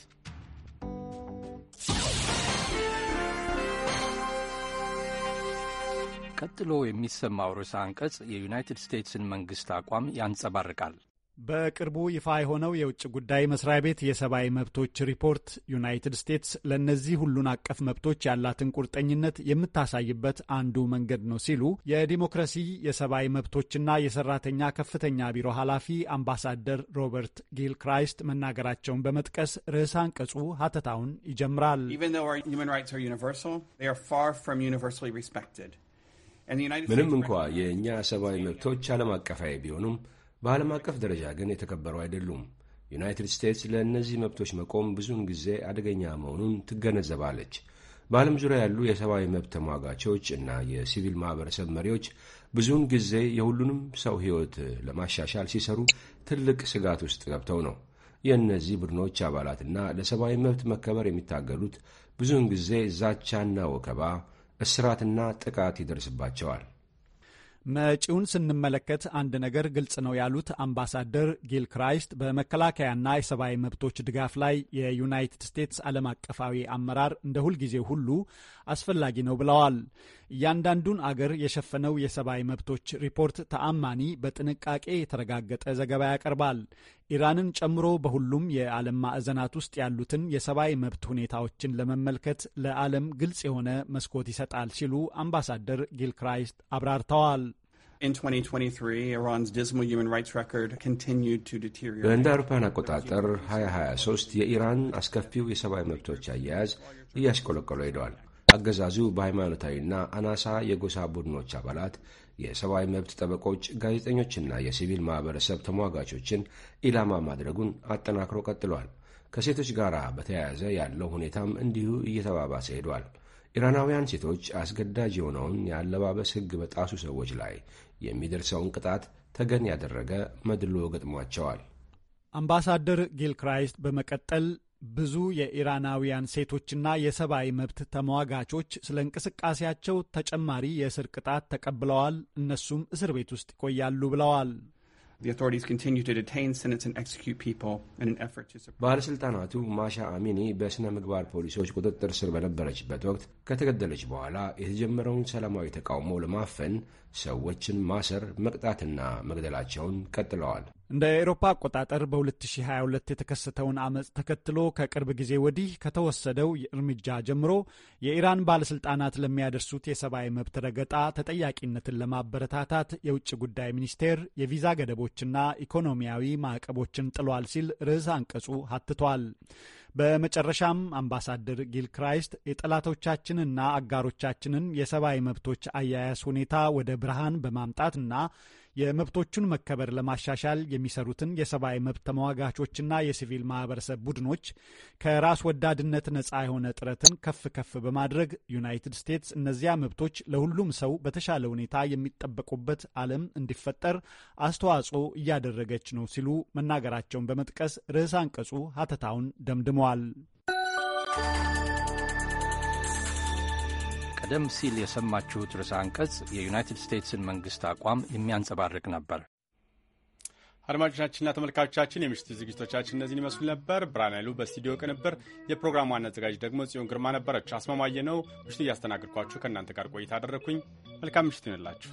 ቀጥሎ የሚሰማው ርዕሰ አንቀጽ የዩናይትድ ስቴትስን መንግሥት አቋም ያንጸባርቃል። በቅርቡ ይፋ የሆነው የውጭ ጉዳይ መስሪያ ቤት የሰብአዊ መብቶች ሪፖርት ዩናይትድ ስቴትስ ለእነዚህ ሁሉን አቀፍ መብቶች ያላትን ቁርጠኝነት የምታሳይበት አንዱ መንገድ ነው ሲሉ የዲሞክራሲ የሰብአዊ መብቶችና የሰራተኛ ከፍተኛ ቢሮ ኃላፊ አምባሳደር ሮበርት ጊል ክራይስት መናገራቸውን በመጥቀስ ርዕሰ አንቀጹ ሀተታውን ይጀምራል። ምንም እንኳ የእኛ ሰብአዊ መብቶች ዓለም አቀፋዊ ቢሆኑም በዓለም አቀፍ ደረጃ ግን የተከበሩ አይደሉም። ዩናይትድ ስቴትስ ለእነዚህ መብቶች መቆም ብዙውን ጊዜ አደገኛ መሆኑን ትገነዘባለች። በዓለም ዙሪያ ያሉ የሰብአዊ መብት ተሟጋቾች እና የሲቪል ማኅበረሰብ መሪዎች ብዙውን ጊዜ የሁሉንም ሰው ሕይወት ለማሻሻል ሲሰሩ ትልቅ ስጋት ውስጥ ገብተው ነው። የእነዚህ ቡድኖች አባላትና ለሰብአዊ መብት መከበር የሚታገሉት ብዙውን ጊዜ ዛቻና ወከባ እስራትና ጥቃት ይደርስባቸዋል። መጪውን ስንመለከት አንድ ነገር ግልጽ ነው ያሉት አምባሳደር ጊል ክራይስት በመከላከያና የሰብአዊ መብቶች ድጋፍ ላይ የዩናይትድ ስቴትስ ዓለም አቀፋዊ አመራር እንደ ሁልጊዜ ሁሉ አስፈላጊ ነው ብለዋል። እያንዳንዱን አገር የሸፈነው የሰብአዊ መብቶች ሪፖርት ተአማኒ፣ በጥንቃቄ የተረጋገጠ ዘገባ ያቀርባል። ኢራንን ጨምሮ በሁሉም የዓለም ማዕዘናት ውስጥ ያሉትን የሰብአዊ መብት ሁኔታዎችን ለመመልከት ለዓለም ግልጽ የሆነ መስኮት ይሰጣል ሲሉ አምባሳደር ጊልክራይስት አብራርተዋል። በእንደ አውሮፓን አቆጣጠር 2023 የኢራን አስከፊው የሰብአዊ መብቶች አያያዝ እያሽቆለቆለ ሄደዋል። አገዛዙ በሃይማኖታዊና አናሳ የጎሳ ቡድኖች አባላት፣ የሰብአዊ መብት ጠበቆች፣ ጋዜጠኞችና የሲቪል ማህበረሰብ ተሟጋቾችን ኢላማ ማድረጉን አጠናክሮ ቀጥሏል። ከሴቶች ጋር በተያያዘ ያለው ሁኔታም እንዲሁ እየተባባሰ ሄዷል። ኢራናውያን ሴቶች አስገዳጅ የሆነውን የአለባበስ ሕግ በጣሱ ሰዎች ላይ የሚደርሰውን ቅጣት ተገን ያደረገ መድሎ ገጥሟቸዋል። አምባሳደር ጊል በመቀጠል ብዙ የኢራናውያን ሴቶችና የሰብአዊ መብት ተሟጋቾች ስለ እንቅስቃሴያቸው ተጨማሪ የእስር ቅጣት ተቀብለዋል፣ እነሱም እስር ቤት ውስጥ ይቆያሉ ብለዋል። ባለሥልጣናቱ ማሻ አሚኒ በሥነ ምግባር ፖሊሶች ቁጥጥር ስር በነበረችበት ወቅት ከተገደለች በኋላ የተጀመረውን ሰላማዊ ተቃውሞ ለማፈን ሰዎችን ማሰር መቅጣትና መግደላቸውን ቀጥለዋል። እንደ አውሮፓ አቆጣጠር በ2022 የተከሰተውን አመፅ ተከትሎ ከቅርብ ጊዜ ወዲህ ከተወሰደው እርምጃ ጀምሮ የኢራን ባለስልጣናት ለሚያደርሱት የሰብአዊ መብት ረገጣ ተጠያቂነትን ለማበረታታት የውጭ ጉዳይ ሚኒስቴር የቪዛ ገደቦችና ኢኮኖሚያዊ ማዕቀቦችን ጥሏል ሲል ርዕስ አንቀጹ ሀትቷል። በመጨረሻም አምባሳደር ጊል ክራይስት የጠላቶቻችንና አጋሮቻችንን የሰብአዊ መብቶች አያያዝ ሁኔታ ወደ ብርሃን በማምጣትና የመብቶቹን መከበር ለማሻሻል የሚሰሩትን የሰብአዊ መብት ተሟጋቾችና የሲቪል ማህበረሰብ ቡድኖች ከራስ ወዳድነት ነጻ የሆነ ጥረትን ከፍ ከፍ በማድረግ ዩናይትድ ስቴትስ እነዚያ መብቶች ለሁሉም ሰው በተሻለ ሁኔታ የሚጠበቁበት ዓለም እንዲፈጠር አስተዋጽኦ እያደረገች ነው ሲሉ መናገራቸውን በመጥቀስ ርዕስ አንቀጹ ሀተታውን ደምድመዋል። ቀደም ሲል የሰማችሁት ርዕሰ አንቀጽ የዩናይትድ ስቴትስን መንግስት አቋም የሚያንጸባርቅ ነበር። አድማጮቻችንና ተመልካቾቻችን የምሽት ዝግጅቶቻችን እነዚህን ይመስሉ ነበር። ብርሃን ኃይሉ በስቱዲዮ ቅንብር፣ የፕሮግራሙ ዋና አዘጋጅ ደግሞ ጽዮን ግርማ ነበረች። አስማማየ ነው ምሽቱ እያስተናግድኳችሁ ከእናንተ ጋር ቆይታ አደረግኩኝ። መልካም ምሽት ይሆንላችሁ።